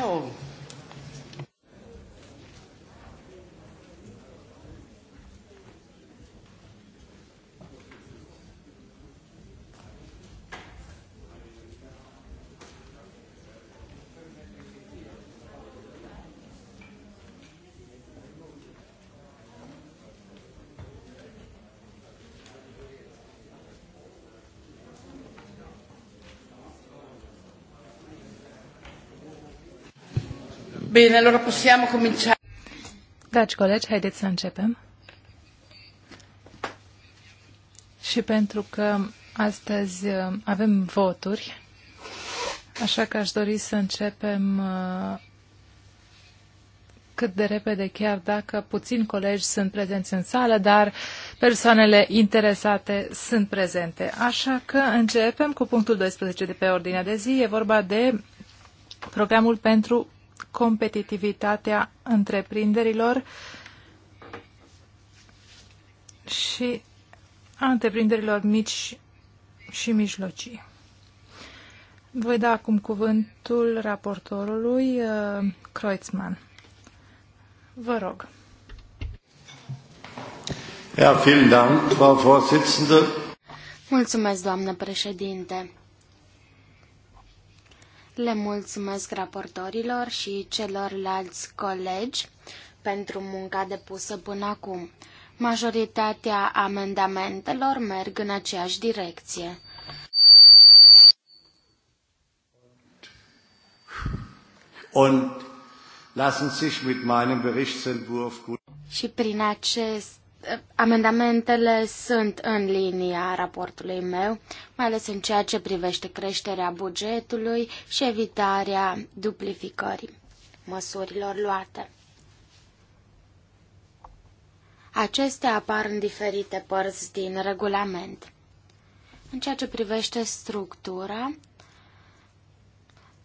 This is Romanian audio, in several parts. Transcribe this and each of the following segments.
wow Bine, allora possiamo cominciare. Dragi colegi, haideți să începem. Și pentru că astăzi uh, avem voturi, așa că aș dori să începem uh, cât de repede, chiar dacă puțini colegi sunt prezenți în sală, dar persoanele interesate sunt prezente. Așa că începem cu punctul 12 de pe ordinea de zi. E vorba de programul pentru competitivitatea întreprinderilor și a întreprinderilor mici și mijlocii. Voi da acum cuvântul raportorului uh, Kreutzmann. Vă rog. Ja, vielen Dank, Frau Vorsitzende. Mulțumesc, doamnă președinte. Le mulțumesc raportorilor și celorlalți colegi pentru munca depusă până acum. Majoritatea amendamentelor merg în aceeași direcție. Und lassen sich mit meinem Berichtsentwurf gut și prin acest Amendamentele sunt în linia raportului meu, mai ales în ceea ce privește creșterea bugetului și evitarea duplificării măsurilor luate. Acestea apar în diferite părți din regulament. În ceea ce privește structura,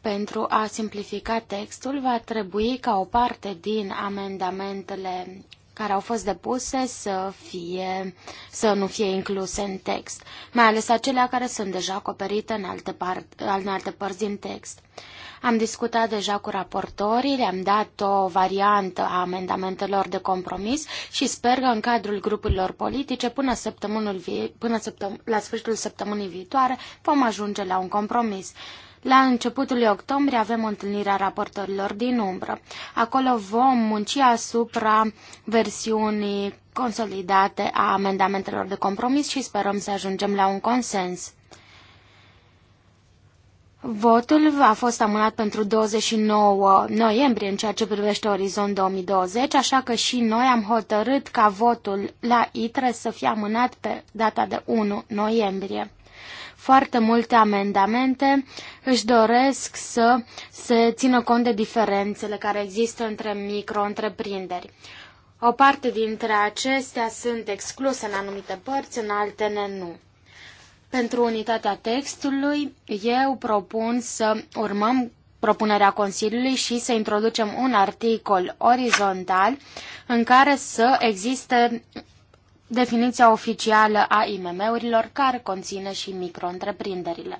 pentru a simplifica textul, va trebui ca o parte din amendamentele care au fost depuse să, fie, să nu fie incluse în text, mai ales acelea care sunt deja acoperite în alte, par, în alte părți din text. Am discutat deja cu raportorii, le-am dat o variantă a amendamentelor de compromis și sper că în cadrul grupurilor politice, până, săptămânul vi- până săptăm- la sfârșitul săptămânii viitoare, vom ajunge la un compromis. La începutul lui octombrie avem întâlnirea raportorilor din umbră. Acolo vom munci asupra versiunii consolidate a amendamentelor de compromis și sperăm să ajungem la un consens. Votul a fost amânat pentru 29 noiembrie în ceea ce privește Orizont 2020, așa că și noi am hotărât ca votul la ITRE să fie amânat pe data de 1 noiembrie foarte multe amendamente își doresc să se țină cont de diferențele care există între micro-întreprinderi. O parte dintre acestea sunt excluse în anumite părți, în altele nu. Pentru unitatea textului, eu propun să urmăm propunerea Consiliului și să introducem un articol orizontal în care să existe definiția oficială a IMM-urilor, care conține și micro-întreprinderile.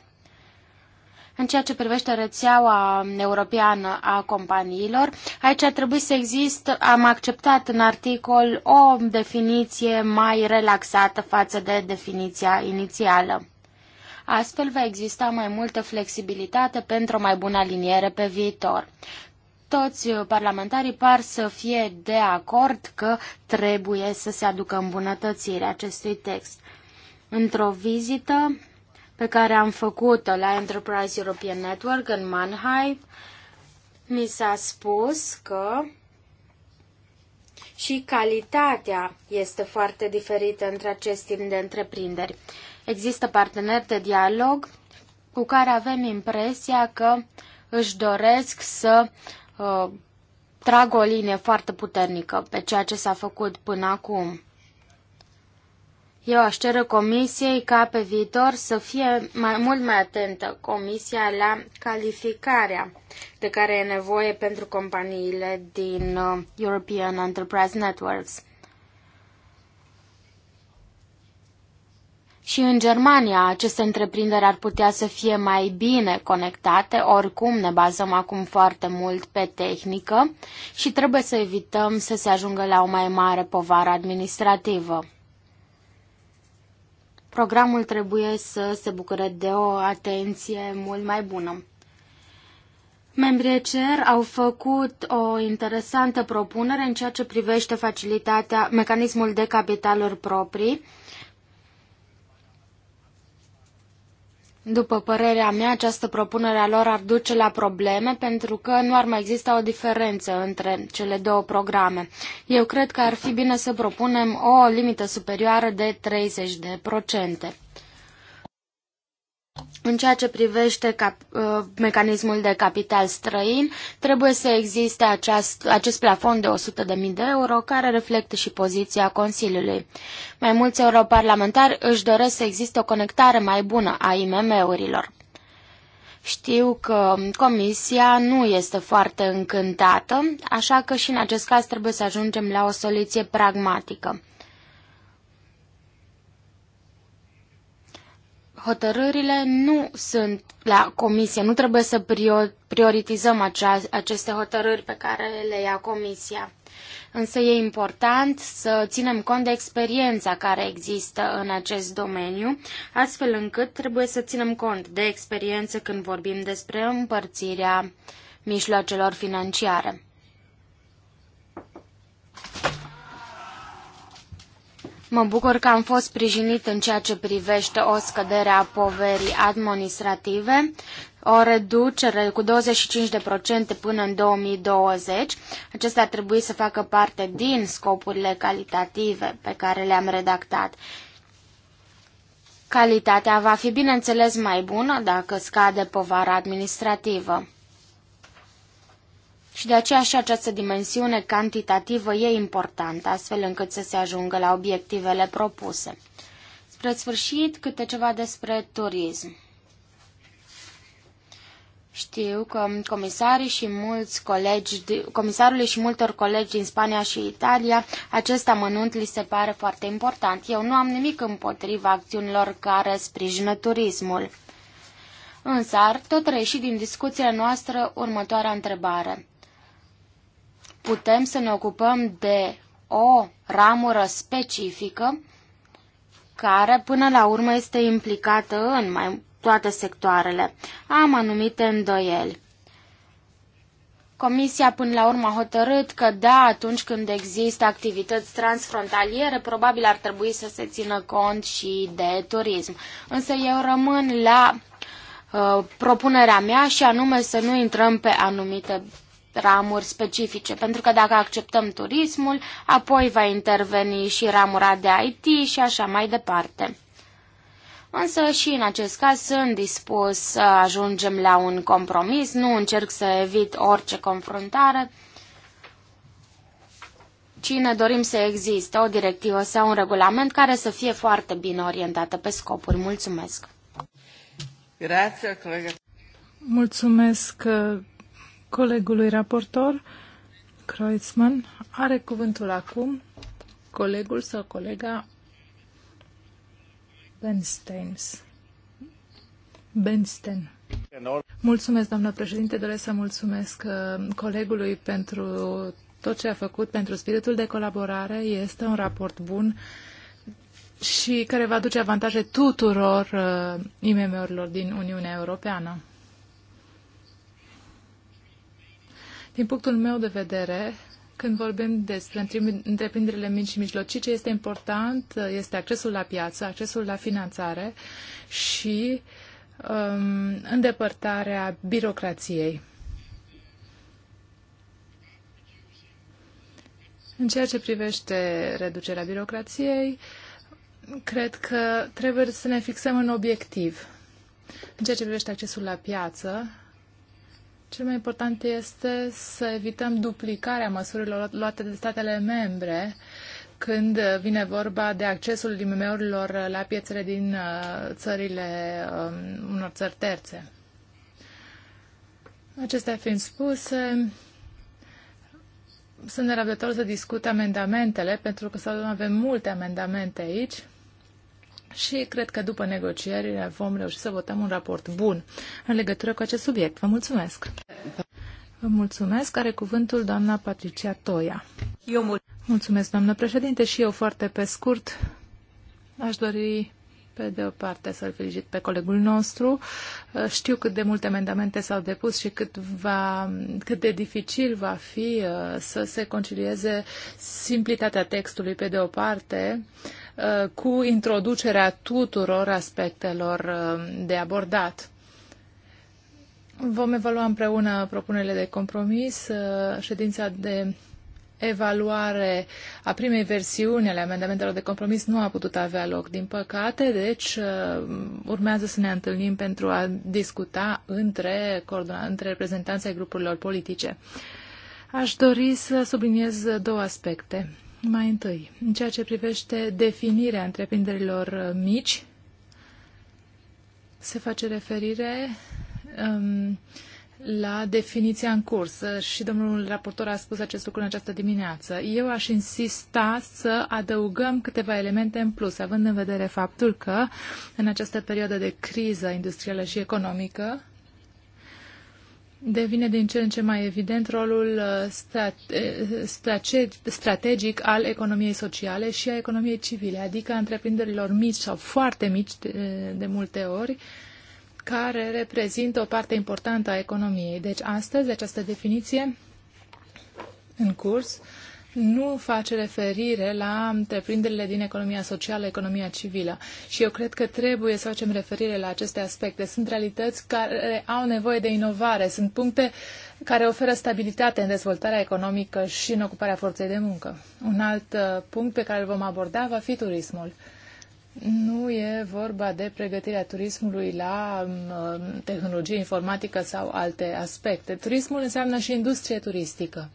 În ceea ce privește rețeaua europeană a companiilor, aici ar trebui să există, am acceptat în articol o definiție mai relaxată față de definiția inițială. Astfel va exista mai multă flexibilitate pentru o mai bună aliniere pe viitor toți parlamentarii par să fie de acord că trebuie să se aducă îmbunătățirea acestui text. Într-o vizită pe care am făcut-o la Enterprise European Network în Mannheim, mi s-a spus că și calitatea este foarte diferită între acest timp de întreprinderi. Există parteneri de dialog cu care avem impresia că își doresc să Uh, trag o linie foarte puternică pe ceea ce s-a făcut până acum. Eu aș cere comisiei ca pe viitor să fie mai mult mai atentă comisia la calificarea de care e nevoie pentru companiile din uh, European Enterprise Networks. Și în Germania aceste întreprinderi ar putea să fie mai bine conectate, oricum ne bazăm acum foarte mult pe tehnică și trebuie să evităm să se ajungă la o mai mare povară administrativă. Programul trebuie să se bucure de o atenție mult mai bună. Membrii CER au făcut o interesantă propunere în ceea ce privește facilitatea, mecanismul de capitaluri proprii, După părerea mea, această propunere a lor ar duce la probleme pentru că nu ar mai exista o diferență între cele două programe. Eu cred că ar fi bine să propunem o limită superioară de 30%. În ceea ce privește cap, uh, mecanismul de capital străin, trebuie să existe aceast, acest plafon de 100.000 de euro care reflectă și poziția Consiliului. Mai mulți europarlamentari își doresc să existe o conectare mai bună a IMM-urilor. Știu că comisia nu este foarte încântată, așa că și în acest caz trebuie să ajungem la o soluție pragmatică. hotărârile nu sunt la comisie, nu trebuie să prioritizăm acea, aceste hotărâri pe care le ia comisia. Însă e important să ținem cont de experiența care există în acest domeniu, astfel încât trebuie să ținem cont de experiență când vorbim despre împărțirea mijloacelor financiare. Mă bucur că am fost sprijinit în ceea ce privește o scădere a poverii administrative, o reducere cu 25% până în 2020. Acestea ar trebui să facă parte din scopurile calitative pe care le-am redactat. Calitatea va fi bineînțeles mai bună dacă scade povara administrativă. Și de aceea și această dimensiune cantitativă e importantă, astfel încât să se ajungă la obiectivele propuse. Spre sfârșit, câte ceva despre turism. Știu că comisarii și mulți colegi, comisarului și multor colegi din Spania și Italia, acest amănunt li se pare foarte important. Eu nu am nimic împotriva acțiunilor care sprijină turismul. Însă ar tot reși din discuția noastră următoarea întrebare putem să ne ocupăm de o ramură specifică care până la urmă este implicată în mai toate sectoarele. Am anumite îndoieli. Comisia până la urmă a hotărât că da, atunci când există activități transfrontaliere, probabil ar trebui să se țină cont și de turism. Însă eu rămân la uh, propunerea mea și anume să nu intrăm pe anumite ramuri specifice, pentru că dacă acceptăm turismul, apoi va interveni și ramura de IT și așa mai departe. Însă și în acest caz sunt dispus să ajungem la un compromis, nu încerc să evit orice confruntare, Cine dorim să existe o directivă sau un regulament care să fie foarte bine orientată pe scopuri. Mulțumesc! Grazie, colega. Mulțumesc colegului raportor, Kreutzmann. Are cuvântul acum colegul sau colega Bensteins. Bensten. Mulțumesc, doamnă președinte. Doresc să mulțumesc uh, colegului pentru tot ce a făcut, pentru spiritul de colaborare. Este un raport bun și care va aduce avantaje tuturor uh, IMM-urilor din Uniunea Europeană. Din punctul meu de vedere, când vorbim despre întreprinderile mici și mijlocii, ce este important este accesul la piață, accesul la finanțare și um, îndepărtarea birocrației. În ceea ce privește reducerea birocrației, cred că trebuie să ne fixăm în obiectiv. În ceea ce privește accesul la piață, cel mai important este să evităm duplicarea măsurilor luate de statele membre când vine vorba de accesul IMM-urilor la piețele din uh, țările um, unor țări terțe. Acestea fiind spuse, sunt nerăbdător să discut amendamentele, pentru că să avem multe amendamente aici și cred că după negocieri vom reuși să votăm un raport bun în legătură cu acest subiect. Vă mulțumesc! Vă mulțumesc. Are cuvântul doamna Patricia Toia. Eu mul- mulțumesc, doamnă președinte, și eu foarte pe scurt aș dori pe de o parte să-l felicit pe colegul nostru. Știu cât de multe amendamente s-au depus și cât, va, cât de dificil va fi uh, să se concilieze simplitatea textului pe de o parte uh, cu introducerea tuturor aspectelor uh, de abordat. Vom evalua împreună propunerile de compromis. Uh, ședința de evaluare a primei versiuni ale amendamentelor de compromis nu a putut avea loc, din păcate, deci uh, urmează să ne întâlnim pentru a discuta între, între reprezentanții grupurilor politice. Aș dori să subliniez două aspecte. Mai întâi, în ceea ce privește definirea întreprinderilor mici, se face referire um, la definiția în curs și domnul raportor a spus acest lucru în această dimineață. Eu aș insista să adăugăm câteva elemente în plus, având în vedere faptul că în această perioadă de criză industrială și economică devine din ce în ce mai evident rolul uh, uh, strate strategic al economiei sociale și a economiei civile, adică a întreprinderilor mici sau foarte mici de, multe ori, care reprezintă o parte importantă a economiei. Deci astăzi deci această definiție în curs nu face referire la întreprinderile din economia socială, economia civilă. Și eu cred că trebuie să facem referire la aceste aspecte. Sunt realități care au nevoie de inovare, sunt puncte care oferă stabilitate în dezvoltarea economică și în ocuparea forței de muncă. Un alt uh, punct pe care îl vom aborda va fi turismul. Nu e vorba de pregătirea turismului la um, tehnologie informatică sau alte aspecte. Turismul înseamnă și industrie turistică.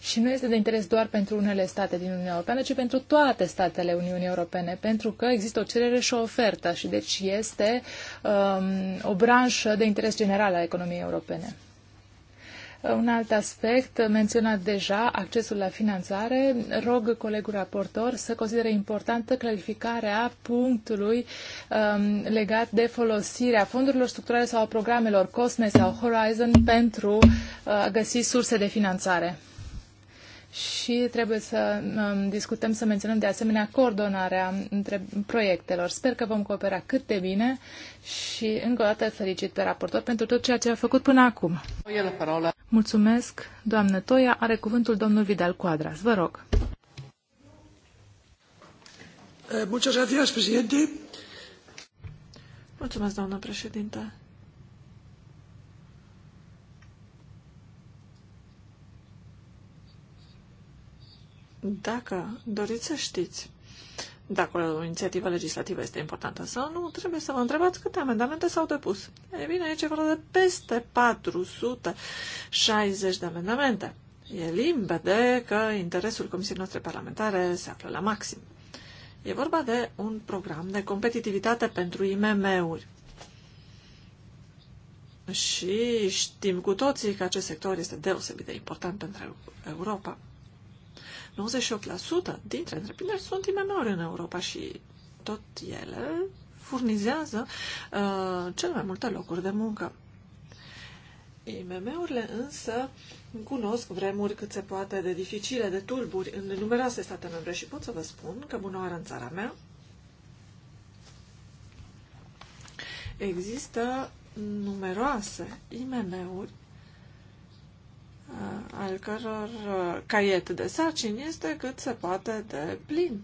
Și nu este de interes doar pentru unele state din Uniunea Europeană, ci pentru toate statele Uniunii Europene, pentru că există o cerere și o ofertă și deci este um, o branșă de interes general a economiei europene. Un alt aspect menționat deja, accesul la finanțare, rog colegul raportor să considere importantă clarificarea punctului um, legat de folosirea fondurilor structurale sau a programelor COSME sau Horizon pentru uh, a găsi surse de finanțare și trebuie să um, discutăm, să menționăm de asemenea coordonarea între proiectelor. Sper că vom coopera cât de bine și încă o dată felicit pe raportor pentru tot ceea ce a făcut până acum. Mulțumesc, doamnă Toia. Are cuvântul domnul Vidal Cuadras. Vă rog. Eh, Mulțumesc, doamnă președinte. Dacă doriți să știți dacă o inițiativă legislativă este importantă sau nu, trebuie să vă întrebați câte amendamente s-au depus. E bine, aici e vorba de peste 460 de amendamente. E limpede că interesul Comisiei noastre parlamentare se află la maxim. E vorba de un program de competitivitate pentru IMM-uri. Și știm cu toții că acest sector este deosebit de important pentru Europa. 98% dintre întreprinderi sunt imm în Europa și tot ele furnizează uh, cel mai multe locuri de muncă. IMM-urile însă cunosc vremuri cât se poate de dificile, de tulburi în numeroase state membre și pot să vă spun că bună oară în țara mea există numeroase IMM-uri Uh, al căror uh, caiet de sarcini este cât se poate de plin.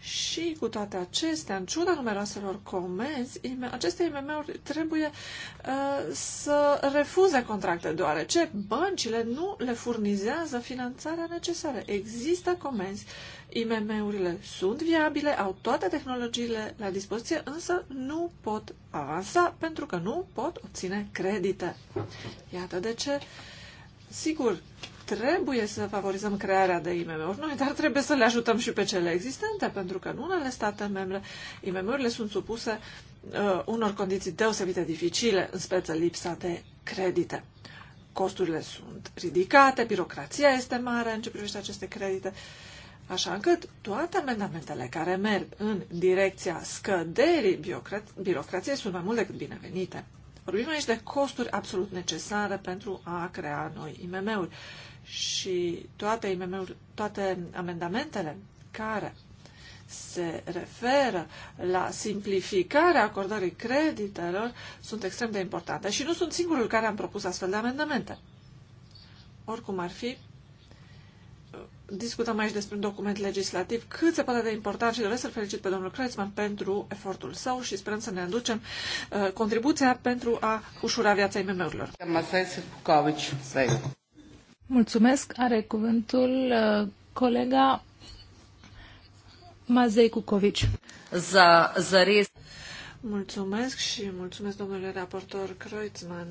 Și cu toate acestea, în ciuda numeroaselor comenzi, aceste IMM-uri trebuie uh, să refuze contracte, deoarece băncile nu le furnizează finanțarea necesară. Există comenzi, IMM-urile sunt viabile, au toate tehnologiile la dispoziție, însă nu pot avansa pentru că nu pot obține credite. Iată de ce Sigur, trebuie să favorizăm crearea de IMM-uri noi, dar trebuie să le ajutăm și pe cele existente, pentru că în unele state membre IMM-urile sunt supuse uh, unor condiții deosebite dificile, în speță lipsa de credite. Costurile sunt ridicate, birocrația este mare în ce privește aceste credite, așa încât toate amendamentele care merg în direcția scăderii birocrației sunt mai mult decât binevenite. Vorbim aici de costuri absolut necesare pentru a crea noi IMM-uri și toate IMM-uri, toate amendamentele care se referă la simplificarea acordării creditelor sunt extrem de importante și nu sunt singurul care am propus astfel de amendamente. Oricum ar fi, discutăm aici despre un document legislativ cât se poate de important și doresc să-l felicit pe domnul Kreitzman pentru efortul său și sperăm să ne aducem uh, contribuția pentru a ușura viața IMM-urilor. Mulțumesc. Are cuvântul uh, colega Mazei Cucovici. Za, zăriz. Mulțumesc și mulțumesc domnule raportor Kreutzmann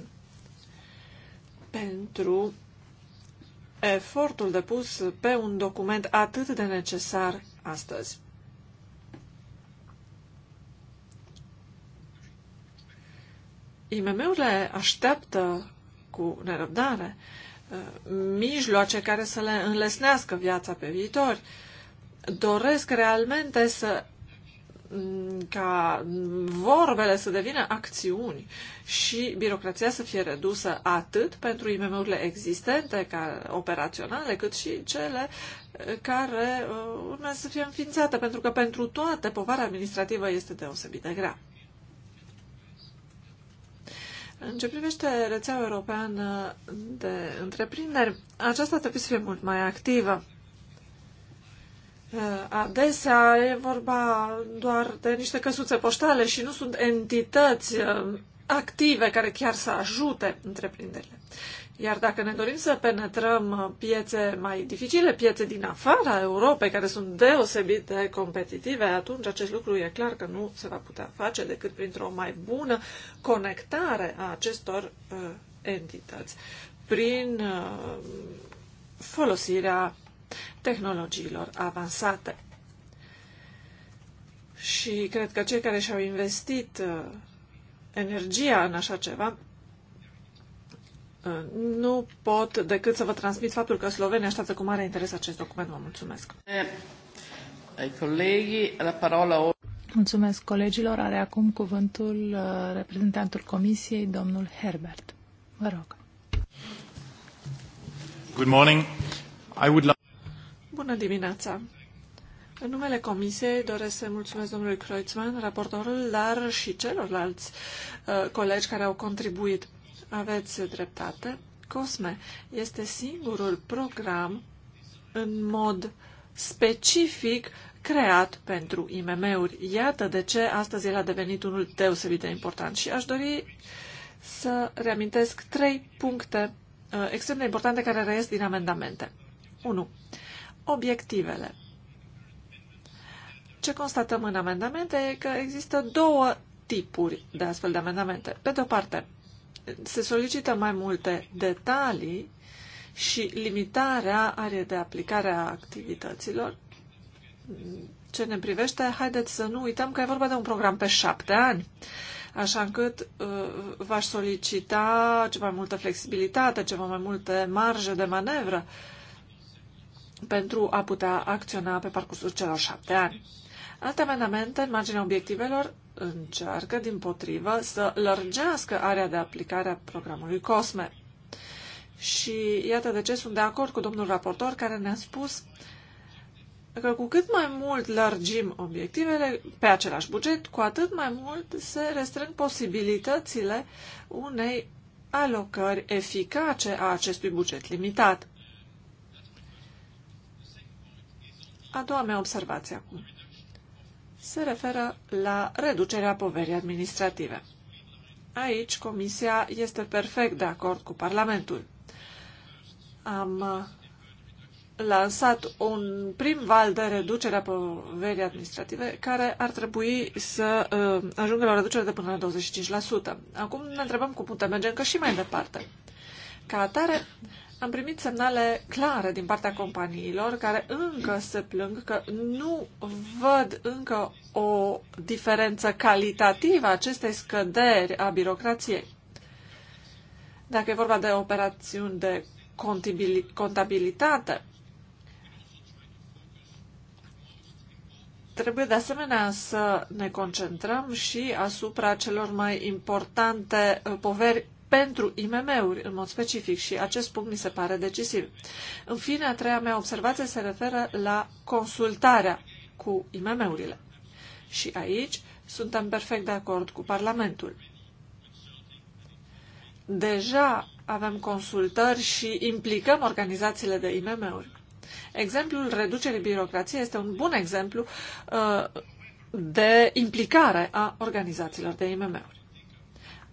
pentru efortul depus pe un document atât de necesar astăzi. IMM-urile așteaptă cu nerăbdare uh, mijloace care să le înlesnească viața pe viitor. Doresc realmente să ca vorbele să devină acțiuni și birocrația să fie redusă atât pentru IMM-urile existente, ca operaționale, cât și cele eh, care eh, urmează să fie înființate, pentru că pentru toate povara administrativă este deosebit de grea. În ce privește rețeaua europeană de întreprinderi, aceasta trebuie să fie mult mai activă Eh, adesea e vorba doar de niște căsuțe poștale și nu sunt entități eh, active care chiar să ajute întreprinderile. Iar dacă ne dorim să penetrăm eh, piețe mai dificile, piețe din afara Europei, care sunt deosebit de competitive, atunci acest lucru e clar că nu se va putea face decât printr-o mai bună conectare a acestor uh, entități, prin uh, folosirea tehnologiilor avansate. Și cred că cei care și-au investit uh, energia în așa ceva uh, nu pot decât să vă transmit faptul că Slovenia așteaptă cu mare interes acest document. Vă mulțumesc. Eh, colegii, la parola Mulțumesc colegilor. Are acum cuvântul uh, reprezentantul Comisiei, domnul Herbert. Vă rog. Good morning. I would like Bună dimineața! În numele Comisiei doresc să mulțumesc domnului Kreutzmann, raportorul, dar și celorlalți uh, colegi care au contribuit. Aveți dreptate. COSME este singurul program în mod specific creat pentru IMM-uri. Iată de ce astăzi el a devenit unul deosebit de important și aș dori să reamintesc trei puncte uh, extrem de importante care reies din amendamente. 1 obiectivele. Ce constatăm în amendamente e că există două tipuri de astfel de amendamente. Pe de o parte, se solicită mai multe detalii și limitarea are de aplicare a activităților. Ce ne privește, haideți să nu uităm că e vorba de un program pe șapte ani, așa încât uh, v-aș solicita ceva mai multă flexibilitate, ceva mai multe marje de manevră uh, pentru a putea acționa pe parcursul celor șapte ani. Alte amendamente în marginea obiectivelor încearcă, din potrivă, să lărgească area de aplicare a programului COSME. Și iată de ce sunt de acord cu domnul raportor care ne-a spus că cu cât mai mult lărgim obiectivele pe același buget, cu atât mai mult se restrâng posibilitățile unei alocări eficace a acestui buget limitat. A doua mea observație acum se referă la reducerea poverii administrative. Aici Comisia este perfect de acord cu Parlamentul. Am uh, lansat un prim val de reducere a poverii administrative care ar trebui să uh, ajungă la o reducere de până la 25%. Acum ne întrebăm cum putem merge încă și mai departe. Ca atare, uh, am primit semnale clare din partea companiilor care încă se plâng că nu văd încă o diferență calitativă a acestei scăderi a birocrației. Dacă e vorba de operațiuni de contabilitate, Trebuie de asemenea să ne concentrăm și asupra celor mai importante uh, poveri pentru IMM-uri în mod specific și acest punct mi se pare decisiv. În fine, a treia mea observație se referă la consultarea cu IMM-urile. Și aici suntem perfect de acord cu Parlamentul. Deja avem consultări și implicăm organizațiile de IMM-uri. Exemplul reducerii birocrației este un bun exemplu uh, de implicare a organizațiilor de IMM-uri.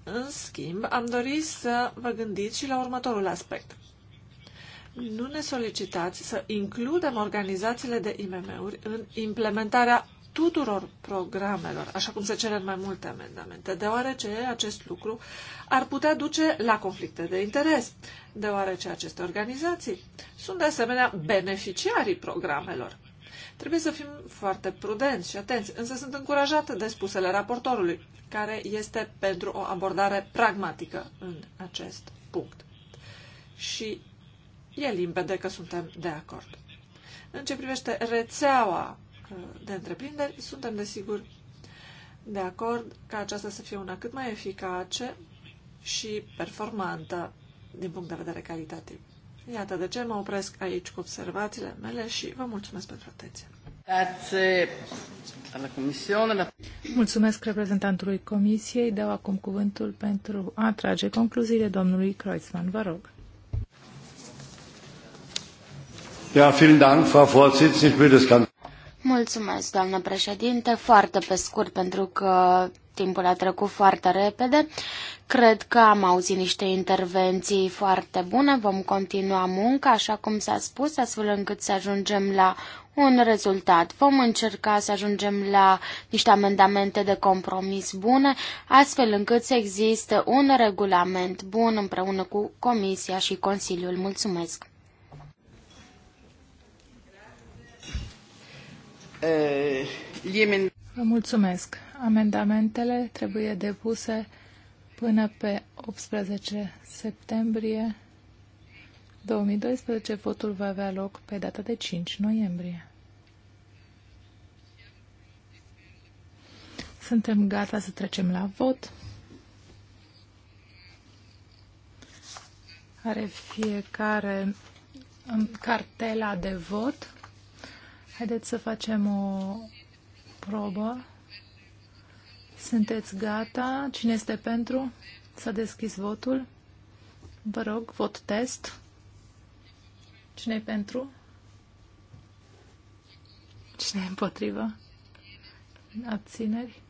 În schimb, am dorit să vă gândiți și la următorul aspect. Nu ne solicitați să includem organizațiile de IMM-uri în implementarea tuturor programelor, așa cum se cere în mai multe amendamente, deoarece acest lucru ar putea duce la conflicte de interes, deoarece aceste organizații sunt de asemenea beneficiarii programelor. Trebuie să fim foarte prudenți și atenți, însă sunt încurajată de spusele raportorului, care este pentru o abordare pragmatică în acest punct. Și e limpede că suntem de acord. În ce privește rețeaua uh, de întreprinderi, suntem desigur de acord ca aceasta să fie una cât mai eficace și performantă din punct de vedere calitativ. Iată de ce mă opresc aici cu observațiile mele și vă mulțumesc pentru atenție. Mulțumesc reprezentantului Comisiei. Dau acum cuvântul pentru a trage concluziile domnului Kreuzmann. Vă rog. Ja, vielen Dank, Frau Vorsitzende. Ich will das ganz Mulțumesc, doamnă președinte, foarte pe scurt, pentru că timpul a trecut foarte repede. Cred că am auzit niște intervenții foarte bune, vom continua munca, așa cum s-a spus, astfel încât să ajungem la un rezultat. Vom încerca să ajungem la niște amendamente de compromis bune, astfel încât să existe un regulament bun împreună cu Comisia și Consiliul. Mulțumesc! Eh, Vă mulțumesc. Amendamentele trebuie depuse până pe 18 septembrie 2012. Votul va avea loc pe data de 5 noiembrie. Suntem gata să trecem la vot. Are fiecare cartela de vot. Haideți să facem o probă. Sunteți gata? Cine este pentru? S-a deschis votul. Vă rog, vot test. cine e pentru? cine e împotrivă? Abțineri?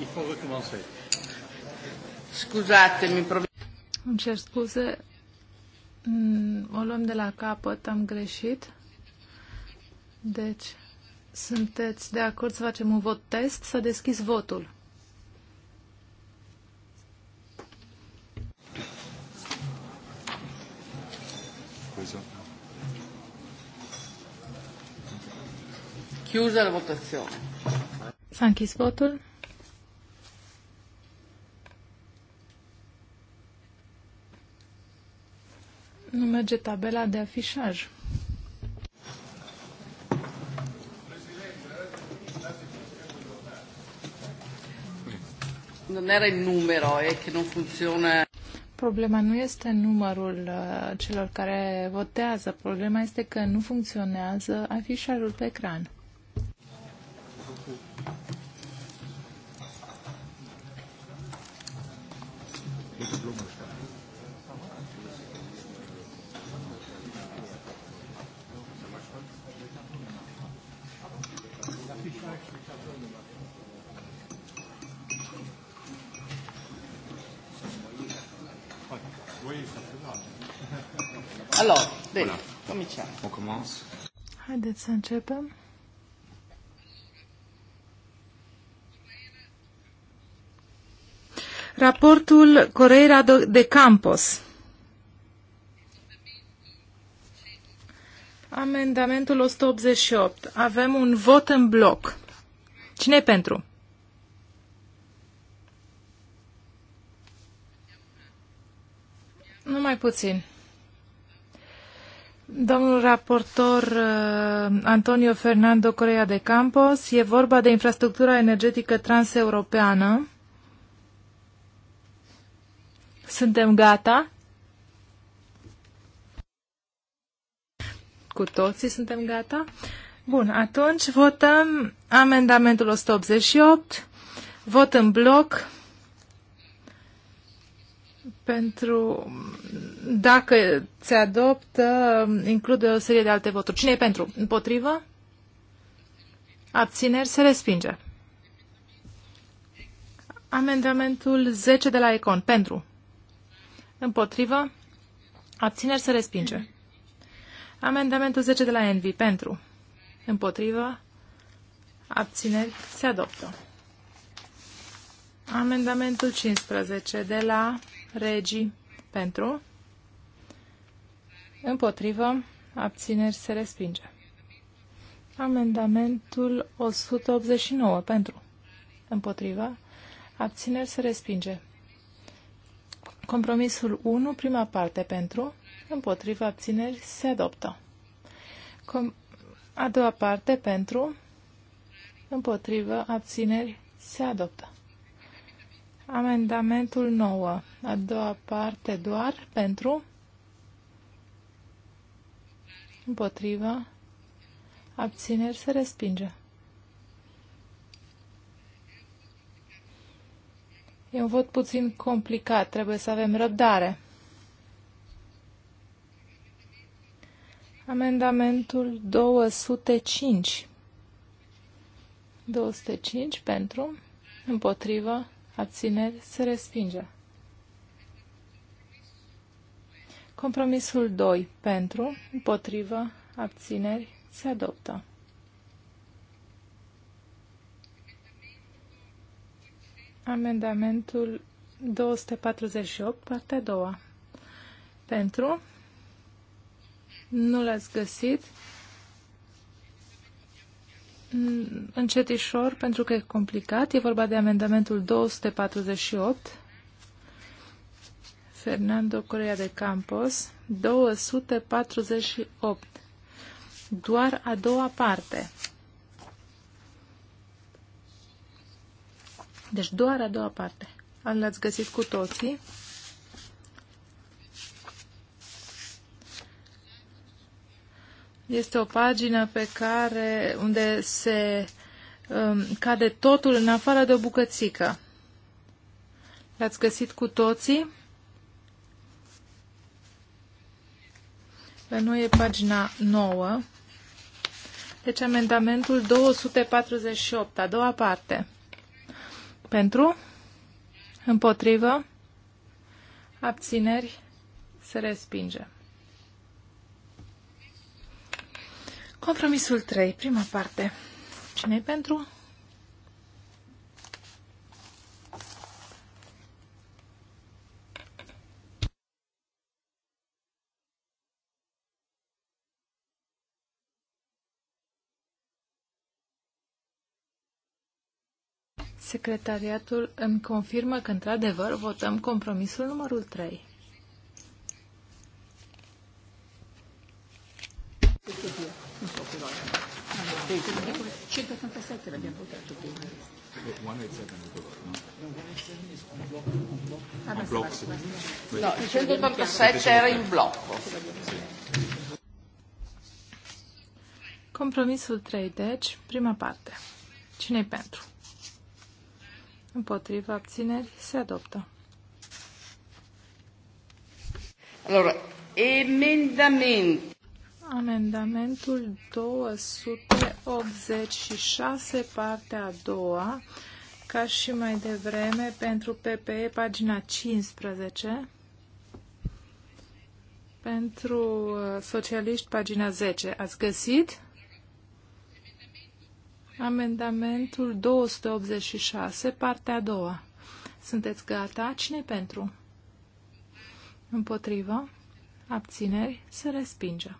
Il faut recommencer. Scuzatemi, probabil. Îmi cer scuze. Mm, o luăm de la capăt, am greșit. Deci, sunteți de acord să facem un vot test? S-a deschis votul. Chiusa la votazione. S-a închis votul. merge tabela de afișaj. Non era il numero, è che non funziona. Problema nu este numărul uh, celor care votează, problema este că nu funcționează afișajul pe ecran. Haideți să începem. Raportul Correira de Campos. Amendamentul 188. Avem un vot în bloc. cine e pentru? Numai puțin. Domnul raportor uh, Antonio Fernando Correa de Campos, e vorba de infrastructura energetică transeuropeană. Suntem gata? Cu toții suntem gata? Bun, atunci votăm amendamentul 188, vot în bloc pentru dacă se adoptă, include o serie de alte voturi. Cine e pentru? Împotrivă? Abțineri? Se respinge. Amendamentul 10 de la Econ. Pentru. Împotrivă? Abțineri? Se respinge. Amendamentul 10 de la Envi. Pentru. Împotrivă? Abțineri? Se adoptă. Amendamentul 15 de la regii pentru, împotrivă, abțineri se respinge. Amendamentul 189 pentru, împotrivă, abțineri se respinge. Compromisul 1, prima parte pentru, împotrivă, abțineri se adoptă. Com a doua parte pentru, împotrivă, abțineri se adoptă. Amendamentul 9, a doua parte doar pentru, împotriva, abțineri se respinge. E un vot puțin complicat, trebuie să avem răbdare. Amendamentul 205. 205 pentru, împotrivă, abțineri, se respinge. Compromisul 2. Pentru, împotrivă, abțineri, se adoptă. Amendamentul 248, partea a doua. Pentru, nu l-ați găsit, Mm, încetișor, pentru că e complicat. E vorba de amendamentul 248. Fernando Corea de Campos, 248. Doar a doua parte. Deci doar a doua parte. L-ați găsit cu toții. Este o pagină pe care, unde se um, cade totul în afară de o bucățică. L-ați găsit cu toții? La noi e pagina 9. Deci amendamentul 248, a doua parte. Pentru? Împotrivă? Abțineri? Se respinge. Compromisul 3, prima parte. cine pentru? Secretariatul îmi confirmă că, într-adevăr, votăm compromisul numărul 3. 187 l'abbiamo votato prima. 187 no? 187 187 era in blocco. Compromisul 3, deci, prima parte. Cine-i pentru? Împotriva abțineri se adoptă. Allora, emendament. Amendamentul 200. 86, partea a doua, ca și mai devreme, pentru PPE, pagina 15, pentru uh, socialiști, pagina 10. Ați găsit? Amendamentul 286, partea a doua. Sunteți gata? cine pentru? Împotrivă? Abțineri? Se respinge.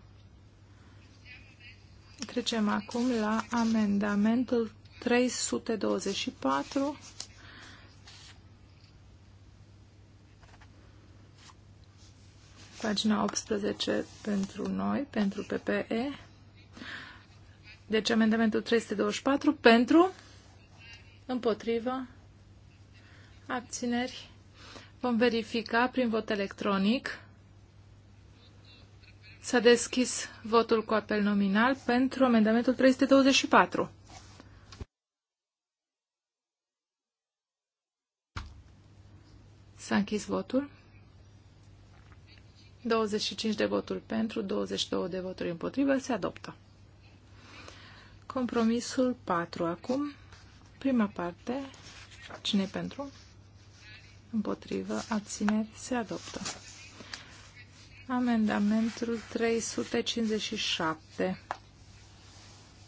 Trecem acum la amendamentul 324. Pagina 18 pentru noi, pentru PPE. Deci amendamentul 324 pentru, împotrivă, abțineri. Vom verifica prin vot electronic. S-a deschis votul cu apel nominal pentru amendamentul 324. S-a închis votul. 25 de voturi pentru, 22 de voturi împotrivă, se adoptă. Compromisul 4 acum. Prima parte, cine pentru? Împotrivă, abțineri, se adoptă. Amendamentul 357.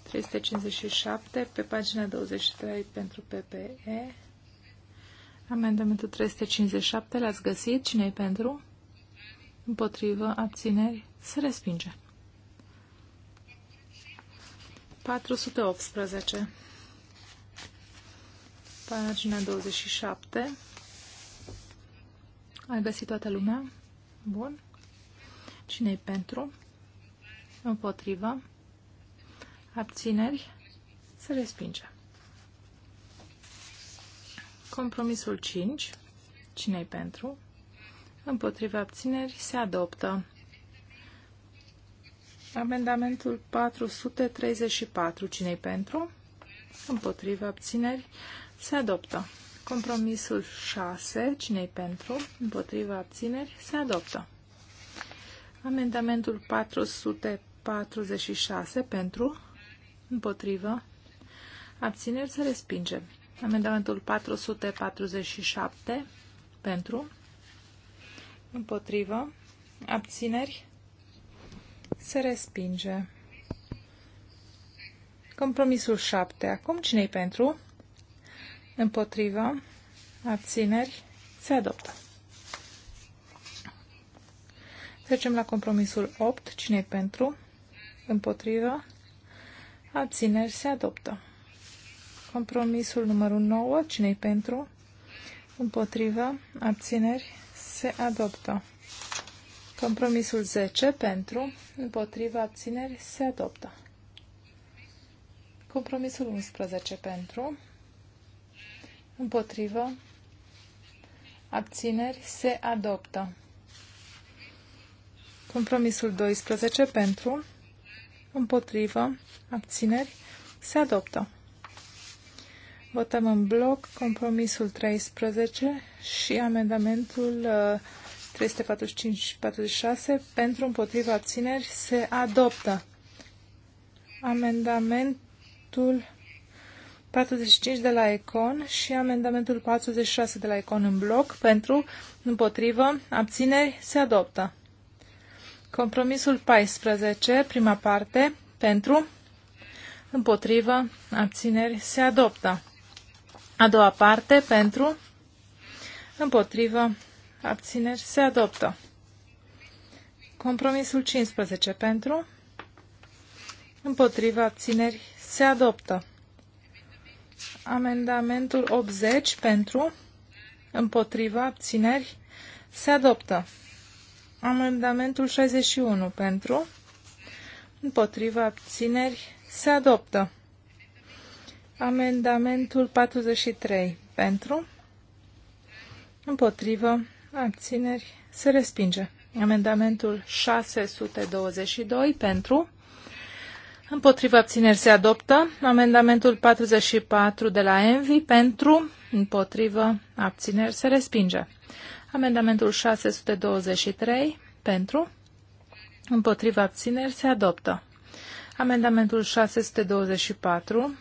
357 pe pagina 23 pentru PPE. Amendamentul 357 l-ați găsit. cine e pentru? Împotrivă, abțineri, se respinge. 418. Pagina 27. Ai găsit toată lumea? Bun. Cine-i pentru? Împotrivă? Abțineri? Se respinge. Compromisul 5. Cine-i pentru? Împotriva abțineri se adoptă. Amendamentul 434. Cine-i pentru? Împotriva abțineri se adoptă. Compromisul 6. Cine-i pentru? Împotriva abțineri se adoptă. Amendamentul 446 pentru, împotrivă, abțineri se respinge. Amendamentul 447 pentru, împotrivă, abțineri se respinge. Compromisul 7. Acum cine-i pentru? Împotrivă, abțineri se adoptă. Trecem la compromisul 8. cine pentru? Împotrivă. Abțineri se adoptă. Compromisul numărul 9. cine pentru? Împotrivă. Abțineri se adoptă. Compromisul 10. Pentru. Împotrivă. Abțineri se adoptă. Compromisul 11. Pentru. Împotrivă. Abțineri se adoptă. Compromisul 12 pentru, împotrivă, abțineri, se adoptă. Votăm în bloc compromisul 13 și amendamentul 345-46 uh, pentru împotriva abțineri se adoptă. Amendamentul 45 de la Econ și amendamentul 46 de la Econ în bloc pentru împotrivă abțineri se adoptă. Compromisul 14, prima parte, pentru, împotrivă, abțineri, se adoptă. A doua parte, pentru, împotrivă, abțineri, se adoptă. Compromisul 15, pentru, împotrivă, abțineri, se adoptă. Amendamentul 80, pentru, împotrivă, abțineri, se adoptă. Amendamentul 61 pentru, împotriva abțineri se adoptă. Amendamentul 43 pentru, împotriva abțineri se respinge. Amendamentul 622 pentru, Împotriva abțineri se adoptă amendamentul 44 de la Envi pentru, împotrivă abțineri se respinge. Amendamentul 623 pentru, împotriva abțineri se adoptă. Amendamentul 624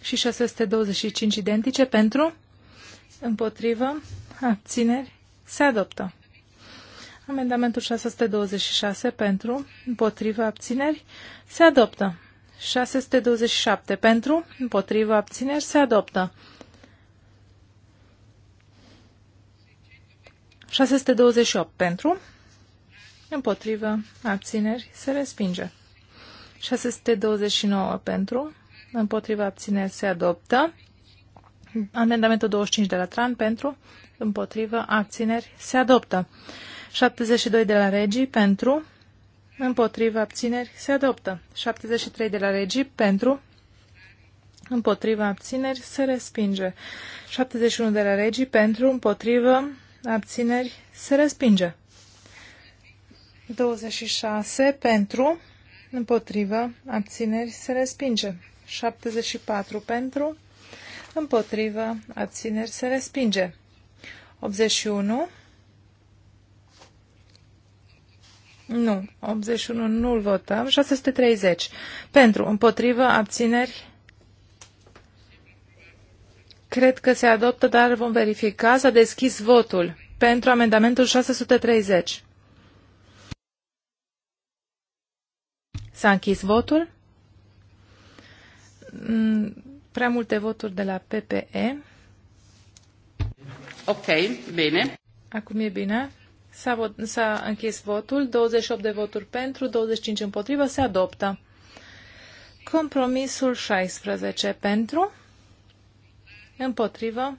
și 625 identice pentru, împotrivă, abțineri, se adoptă. Amendamentul 626 pentru, împotrivă, abțineri, se adoptă. 627 pentru, împotrivă, abțineri, se adoptă. 628 pentru, împotrivă, abțineri, se respinge. 629 pentru, împotrivă, abțineri, se adoptă. Amendamentul 25 de la Tran pentru, împotrivă, abțineri, se adoptă. 72 de la Regii pentru, împotrivă, abțineri, se adoptă. 73 de la Regii pentru, împotrivă, abțineri, se respinge. 71 de la Regii pentru, împotrivă, abțineri, se respinge. 26 pentru, împotrivă, abțineri, se respinge. 74 pentru, împotrivă, abțineri, se respinge. 81 Nu, 81 nu-l votăm. 630. Pentru, împotrivă, abțineri, Cred că se adoptă, dar vom verifica. S-a deschis votul pentru amendamentul 630. S-a închis votul. Mm, prea multe voturi de la PPE. Ok, bine. Acum e bine. S-a, vot, închis votul. 28 de voturi pentru, 25 împotrivă. Se adoptă. Compromisul 16 pentru. Împotrivă.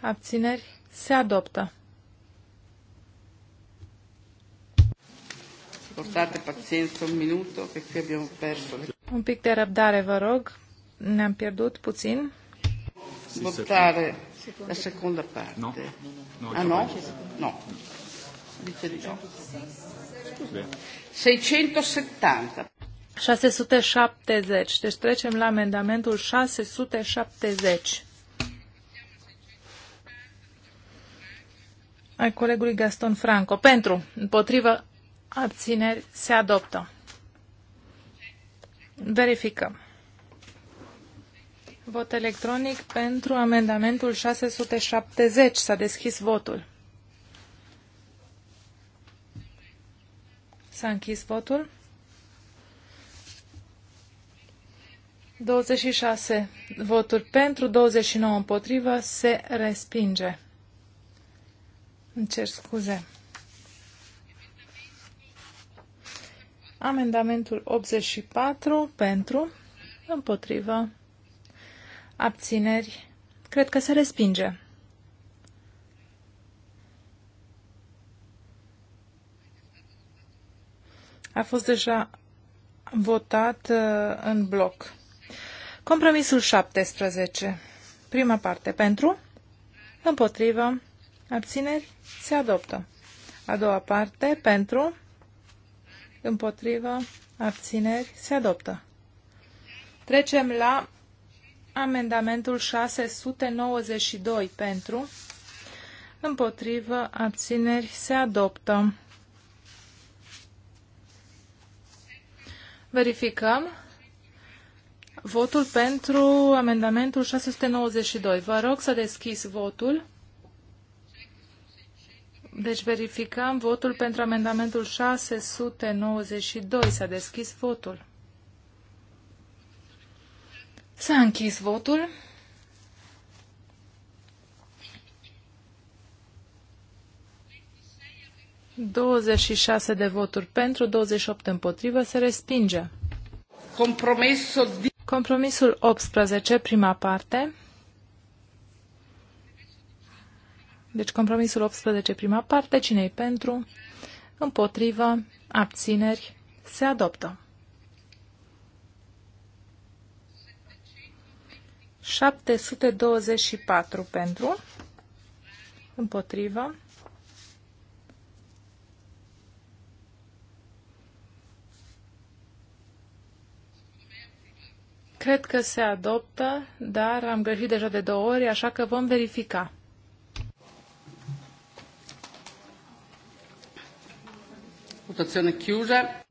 Abțineri. Se adoptă. Portate pazienza un minuto, che qui abbiamo perso. Un pic de răbdare, vă rog. Ne-am pierdut puțin. Votare la seconda parte. No. no. Ah no? No. Dice di no. 670. 670. Deci trecem la amendamentul 670. Ai colegului Gaston Franco. Pentru, împotrivă, abțineri, se adoptă. Verificăm. Vot electronic pentru amendamentul 670. S-a deschis votul. S-a închis votul. 26 voturi pentru, 29 împotrivă, se respinge. Îmi cer scuze. Amendamentul 84 pentru, împotrivă, abțineri, cred că se respinge. A fost deja votat uh, în bloc. Compromisul 17. Prima parte. Pentru, împotrivă, abțineri, se adoptă. A doua parte. Pentru, împotrivă, abțineri, se adoptă. Trecem la amendamentul 692. Pentru, împotrivă, abțineri, se adoptă. Verificăm votul pentru amendamentul 692. Vă rog să deschis votul. Deci verificăm votul pentru amendamentul 692. S-a deschis votul. S-a închis votul. șase de voturi pentru, 28 împotrivă, se respinge. Compromisul... Compromisul 18, prima parte. Deci compromisul 18, prima parte, cine-i pentru, împotrivă, abțineri, se adoptă. 724 pentru, împotrivă, Cred că se adoptă, dar am greșit deja de două ori, așa că vom verifica. Votazione chiusa.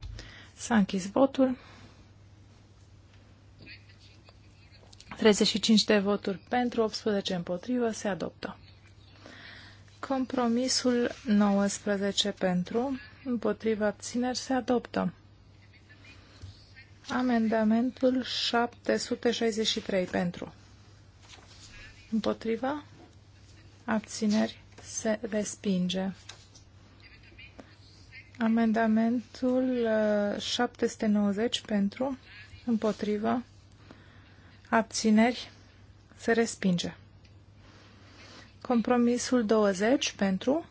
S-a închis votul. 35 de voturi pentru, 18 împotrivă, se adoptă. Compromisul 19 pentru, împotriva abțineri, se adoptă. Amendamentul 763 pentru. Împotriva. Abțineri se respinge. Amendamentul 790 uh, pentru. Împotriva. Abțineri se respinge. Compromisul 20 pentru.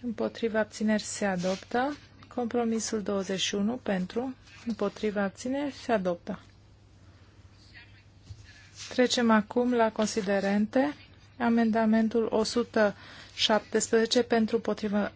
Împotriva abțineri se adoptă. Compromisul 21 pentru, împotriva abțineri, se adoptă. Trecem acum la considerente. Amendamentul 117 pentru, împotriva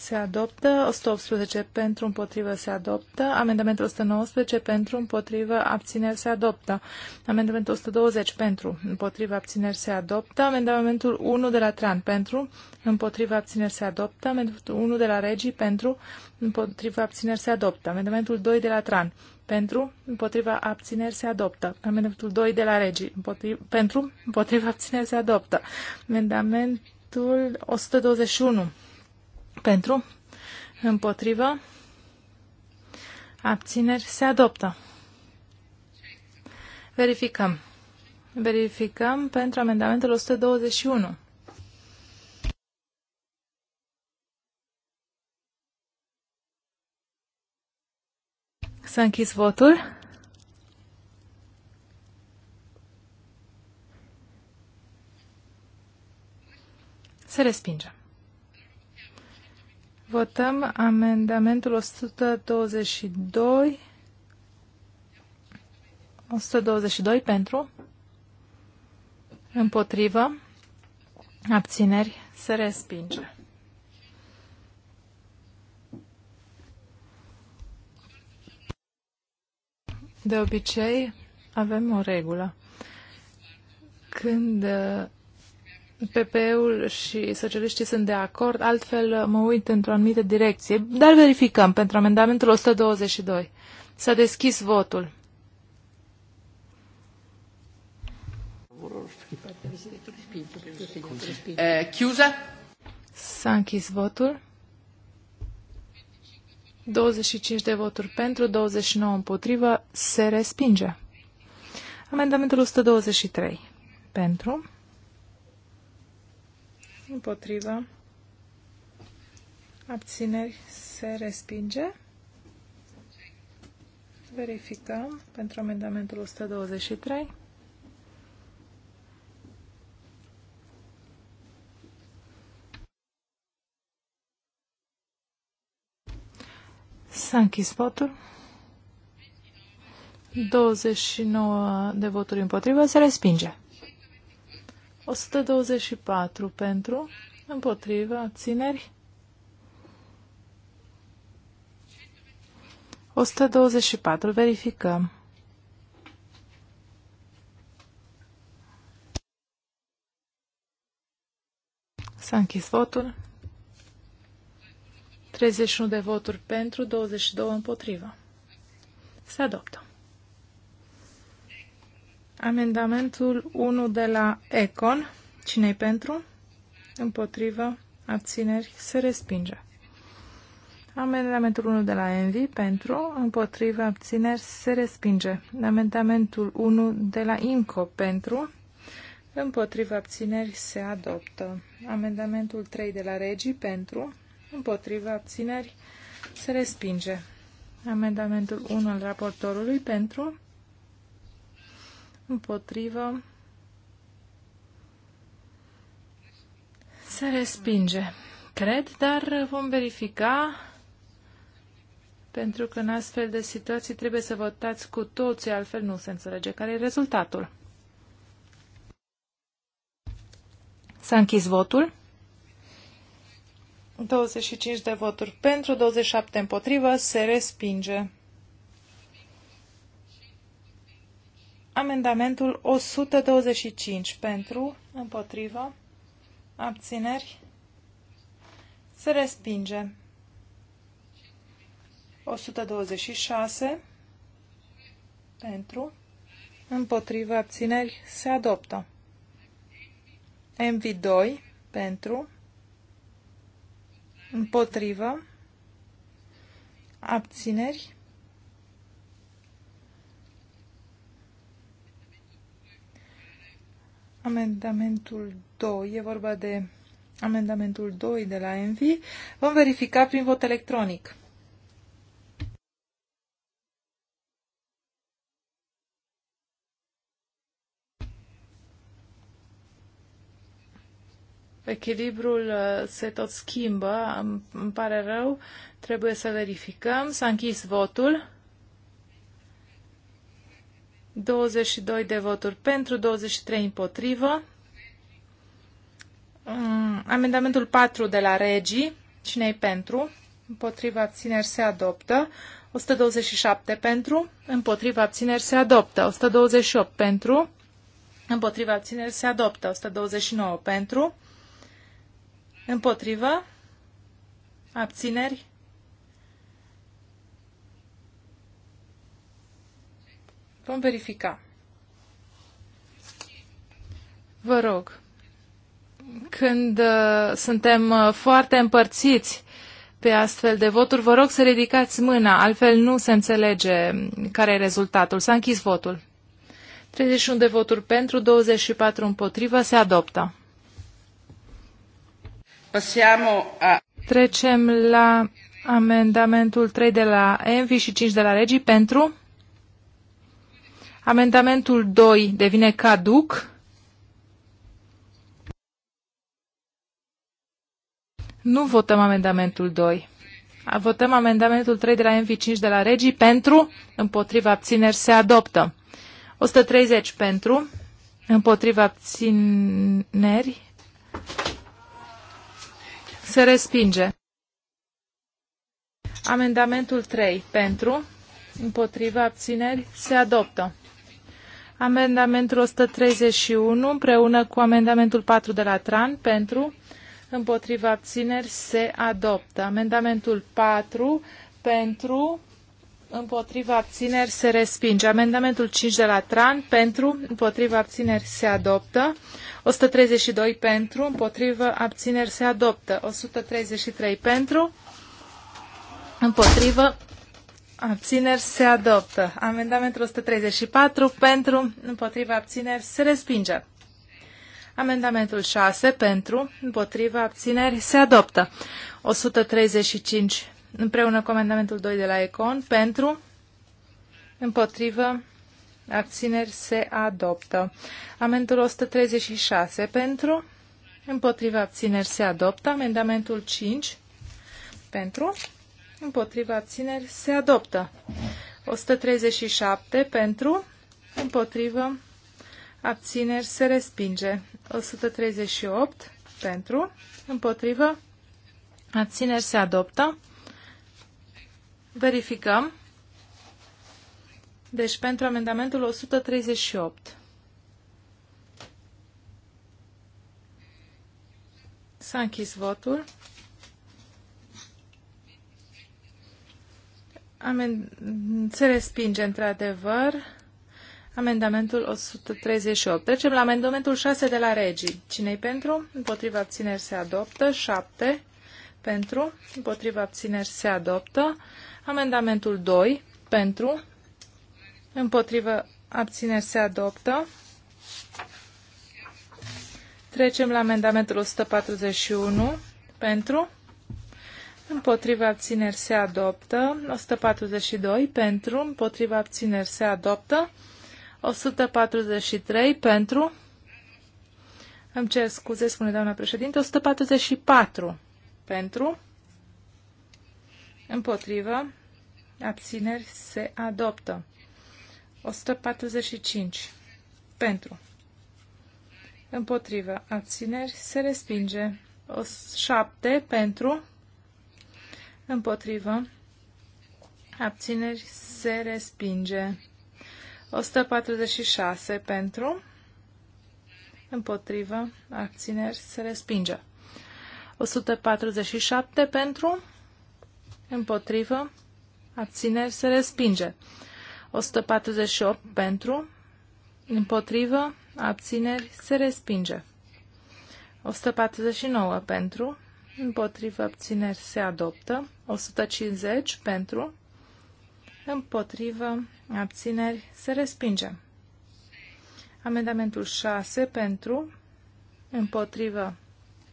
se adoptă, 118 pentru, împotrivă, se adoptă, amendamentul 119 pentru, împotrivă, abțineri, se adoptă, amendamentul 120 pentru, împotrivă, abțineri, se adoptă, amendamentul 1 de la Tran pentru, împotrivă, abțineri, se adoptă, amendamentul 1 de la Regii pentru, împotrivă, abțineri, se adoptă, amendamentul 2 de la Tran pentru, împotriva abțineri se adoptă. Amendamentul 2 de la Regii, împotriva, pentru, împotriva abțineri se adoptă. Amendamentul 121 pentru, împotrivă, abțineri, se adoptă. Verificăm. Verificăm pentru amendamentul 121. Să închis votul. Se respinge. Votăm amendamentul 122. 122 pentru. Împotrivă. Abțineri. Se respinge. De obicei, avem o regulă. Când PP-ul și socialiștii sunt de acord, altfel mă uit într-o anumită direcție. Dar verificăm pentru amendamentul 122. S-a deschis votul. Chiuză? S-a închis votul. 25 de voturi pentru, 29 împotrivă, se respinge. Amendamentul 123 pentru, împotrivă, abțineri se respinge. Verificăm pentru amendamentul 123. S-a închis votul. 29 de voturi împotrivă se respinge. 124 pentru, împotrivă, abțineri. 124, verificăm. S-a închis votul. 31 de voturi pentru, 22 împotrivă. Se adoptă. Amendamentul 1 de la Econ. Cine-i pentru? Împotrivă. Abțineri. Se respinge. Amendamentul 1 de la Envi. Pentru. Împotrivă. Abțineri. Se respinge. Amendamentul 1 de la IMCO. Pentru. Împotrivă. Abțineri. Se adoptă. Amendamentul 3 de la Regi. Pentru. Împotrivă. Abțineri. Se respinge. Amendamentul 1 al raportorului. Pentru împotrivă, se respinge. Cred, dar vom verifica, pentru că în astfel de situații trebuie să votați cu toții, altfel nu se înțelege care e rezultatul. S-a închis votul. 25 de voturi pentru, 27 împotrivă, se respinge. Amendamentul 125 pentru, împotrivă, abțineri, se respinge. 126 pentru, împotrivă, abțineri, se adoptă. MV2 pentru, împotrivă, abțineri, Amendamentul 2. E vorba de amendamentul 2 de la Envi. Vom verifica prin vot electronic. Echilibrul uh, se tot schimbă, îmi pare rău, trebuie să verificăm. S-a închis votul. 22 de voturi pentru, 23 împotrivă. Mm, amendamentul 4 de la Regi cine e pentru? Împotriva abțineri se adoptă. 127 pentru. Împotriva abțineri se adoptă. 128 pentru. Împotriva abțineri se adoptă. 129 pentru. Împotriva abțineri Vom verifica. Vă rog, când uh, suntem uh, foarte împărțiți pe astfel de voturi, vă rog să ridicați mâna, altfel nu se înțelege care e rezultatul. S-a închis votul. 31 de voturi pentru, 24 împotrivă, se adoptă. A... Trecem la amendamentul 3 de la Envi și 5 de la Regi pentru, Amendamentul 2 devine caduc. Nu votăm amendamentul 2. Votăm amendamentul 3 de la MV5 de la Regii pentru, împotriva abțineri se adoptă. 130 pentru, împotriva abțineri se respinge. Amendamentul 3 pentru, împotriva abțineri se adoptă. Amendamentul 131 împreună cu amendamentul 4 de la TRAN pentru împotriva abțineri se adoptă. Amendamentul 4 pentru împotriva abțineri se respinge. Amendamentul 5 de la TRAN pentru împotriva abțineri se adoptă. 132 pentru împotriva abțineri se adoptă. 133 pentru împotriva abțineri se adoptă. Amendamentul 134 pentru, împotriva abțineri se respinge. Amendamentul 6 pentru, împotriva abțineri se adoptă. 135 împreună cu amendamentul 2 de la Econ pentru, împotrivă abțineri se adoptă. Amendamentul 136 pentru, împotriva abțineri se adoptă. Amendamentul 5 pentru, împotriva țineri se adoptă. 137 pentru, împotrivă, abțineri se respinge. 138 pentru, împotrivă, abțineri se adoptă. Verificăm. Deci pentru amendamentul 138. S-a închis votul. Amen... Se respinge într-adevăr amendamentul 138. Trecem la amendamentul 6 de la regii. Cine-i pentru? Împotriva abțineri se adoptă. 7 pentru. Împotriva abțineri se adoptă. Amendamentul 2 pentru. Împotriva abțineri se adoptă. Trecem la amendamentul 141 pentru împotriva abțineri se adoptă, 142 pentru, împotriva abțineri se adoptă, 143 pentru, îmi cer scuze, spune doamna președinte, 144 pentru, împotriva, abțineri se adoptă, 145 pentru, împotriva, abțineri se respinge, 7 pentru, împotrivă, abțineri, se respinge. 146 pentru, împotrivă, abțineri, se respinge. 147 pentru, împotrivă, abțineri, se respinge. 148 pentru, împotrivă, abțineri, se respinge. 149 pentru, împotrivă abțineri se adoptă, 150 pentru, împotrivă abțineri se respinge. Amendamentul 6 pentru, împotrivă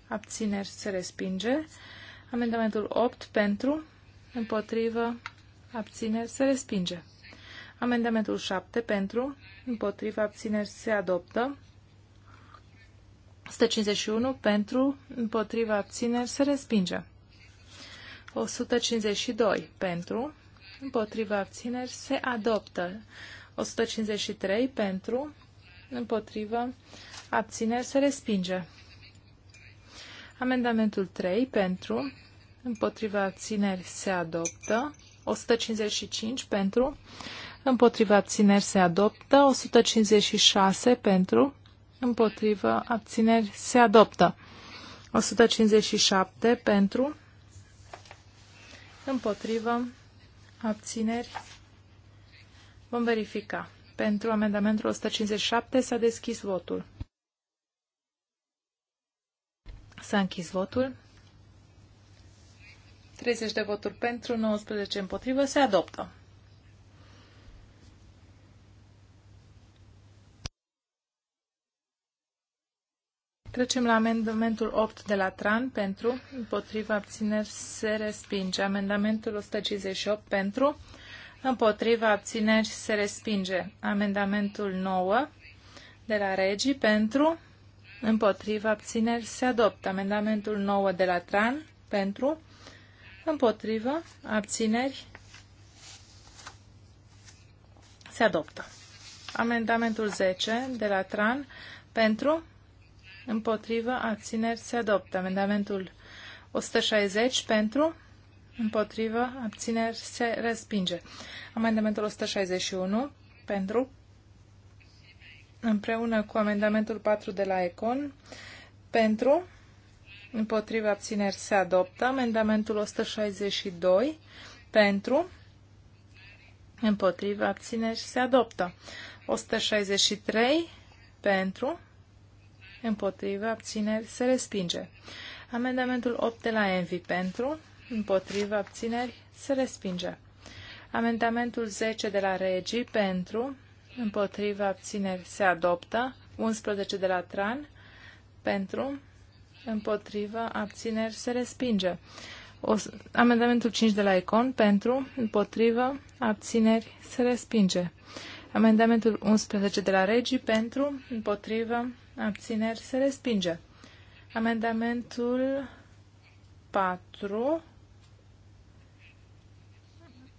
abțineri se respinge. Amendamentul 8 pentru, împotrivă abțineri se respinge. Amendamentul 7 pentru, împotrivă abțineri se adoptă. 151 pentru, împotriva abțineri se respinge. 152 pentru, împotriva abțineri se adoptă. 153 pentru, împotriva abțineri se respinge. Amendamentul 3 pentru, împotriva abțineri se adoptă. 155 pentru, împotriva abțineri se adoptă. 156 pentru, împotrivă, abțineri, se adoptă. 157 pentru, împotrivă, abțineri, vom verifica. Pentru amendamentul 157 s-a deschis votul. S-a închis votul. 30 de voturi pentru, 19 împotrivă, se adoptă. Trecem la amendamentul 8 de la TRAN pentru, împotriva abțineri se respinge. Amendamentul 158 pentru, împotriva abțineri se respinge. Amendamentul 9 de la Regi pentru, împotriva abțineri se adoptă. Amendamentul 9 de la TRAN pentru, împotriva abțineri se adoptă. Amendamentul 10 de la TRAN pentru, împotrivă, abțineri, se adoptă. Amendamentul 160 pentru, împotrivă, abțineri, se respinge. Amendamentul 161 pentru, împreună cu amendamentul 4 de la ECON, pentru, împotrivă, abțineri, se adoptă. Amendamentul 162 pentru, împotrivă, abțineri, se adoptă. 163 pentru, împotrivă, abțineri, se respinge. Amendamentul 8 de la Envi pentru, împotrivă, abțineri, se respinge. Amendamentul 10 de la Regi pentru, împotrivă, abțineri, se adoptă. 11 de la Tran pentru, împotrivă, abțineri, se respinge. O, amendamentul 5 de la Econ pentru, împotrivă, abțineri, se respinge. Amendamentul 11 de la Regi pentru, împotrivă, abțineri, se respinge. Amendamentul 4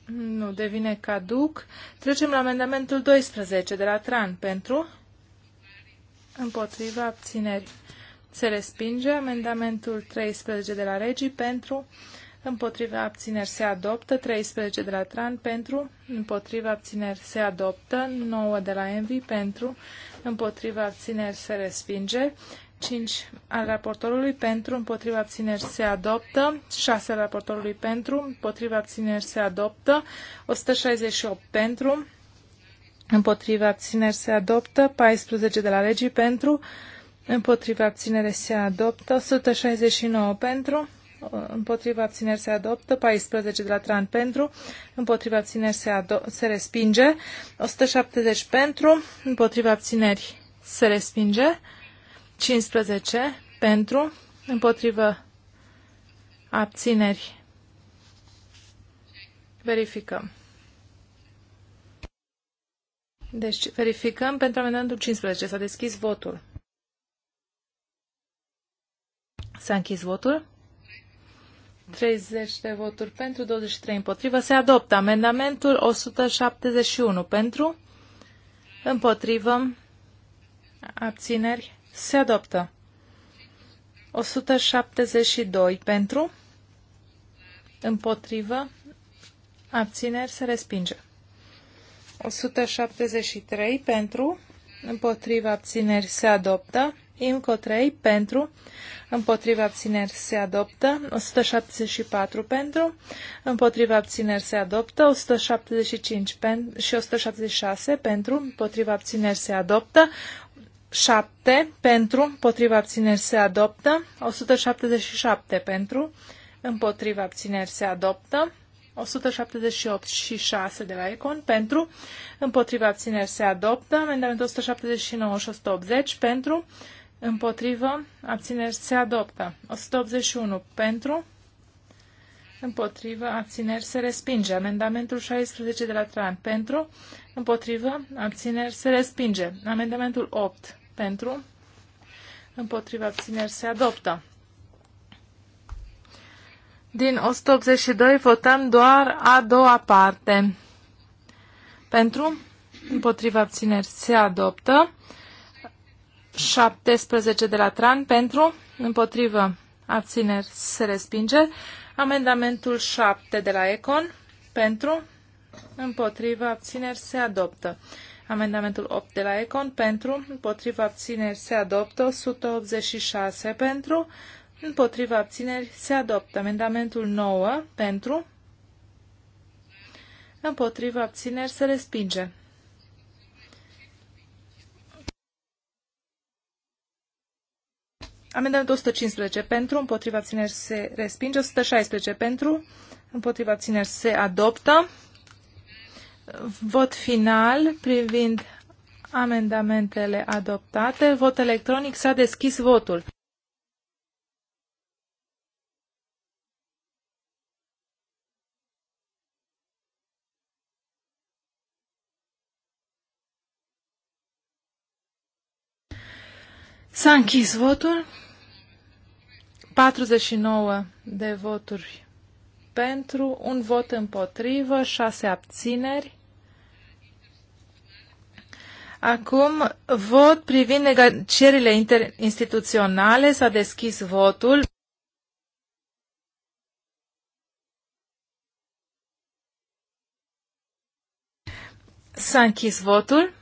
nu devine caduc. Trecem la amendamentul 12 de la TRAN pentru împotriva abțineri. Se respinge amendamentul 13 de la Regi pentru împotriva abțineri se adoptă, 13 de la Tran pentru, împotriva abțineri se adoptă, 9 de la Envi pentru, împotriva abțineri se respinge, 5 al raportorului pentru, împotriva abțineri se adoptă, 6 al raportorului pentru, împotriva abțineri se adoptă, 168 pentru, împotriva abțineri se adoptă, 14 de la legii pentru, împotriva abținere se adoptă, 169 pentru, împotriva abțineri se adoptă, 14 de la Tran pentru, împotriva abțineri se, se respinge, 170 pentru, împotriva abțineri se respinge, 15 pentru, împotriva abțineri. Verificăm. Deci verificăm pentru amendamentul 15. S-a deschis votul. S-a închis votul. 30 de voturi pentru, 23 împotrivă. Se adoptă amendamentul 171 pentru, împotrivă, abțineri. Se adoptă. 172 pentru, împotrivă, abțineri. Se respinge. 173 pentru, împotrivă, abțineri. Se adoptă. IMCO 3 pentru, împotriva abțineri se adoptă, 174 pentru, împotriva abțineri se adoptă, 175 pen, și 176 pentru, împotriva abțineri se adoptă, 7 pentru, împotriva abțineri se adoptă, 177 pentru, împotriva abțineri se adoptă, 178 și 6 de la Econ pentru, împotriva abțineri se adoptă, amendamentul 179 și 180 pentru, Împotrivă, abțineri se adoptă. 181 pentru, împotrivă, abțineri se respinge. Amendamentul 16 de la Traian pentru, împotrivă, abțineri se respinge. Amendamentul 8 pentru, împotrivă, abțineri se adoptă. Din 182 votăm doar a doua parte. Pentru, împotriva abțineri se adoptă. 17 de la Tran pentru, împotrivă, abțineri, se respinge. Amendamentul 7 de la Econ pentru, împotrivă, abțineri, se adoptă. Amendamentul 8 de la Econ pentru, împotrivă, abțineri, se adoptă. 186 pentru, împotrivă, abțineri, se adoptă. Amendamentul 9 pentru, împotrivă, abțineri, se respinge. Amendamentul 115 pentru, împotriva abțineri se respinge. 116 pentru, împotriva abțineri se adoptă. Vot final privind amendamentele adoptate. Vot electronic s-a deschis votul. S-a închis votul. 49 de voturi pentru, un vot împotrivă, 6 abțineri. Acum, vot privind negocierile interinstituționale. S-a deschis votul. S-a închis votul.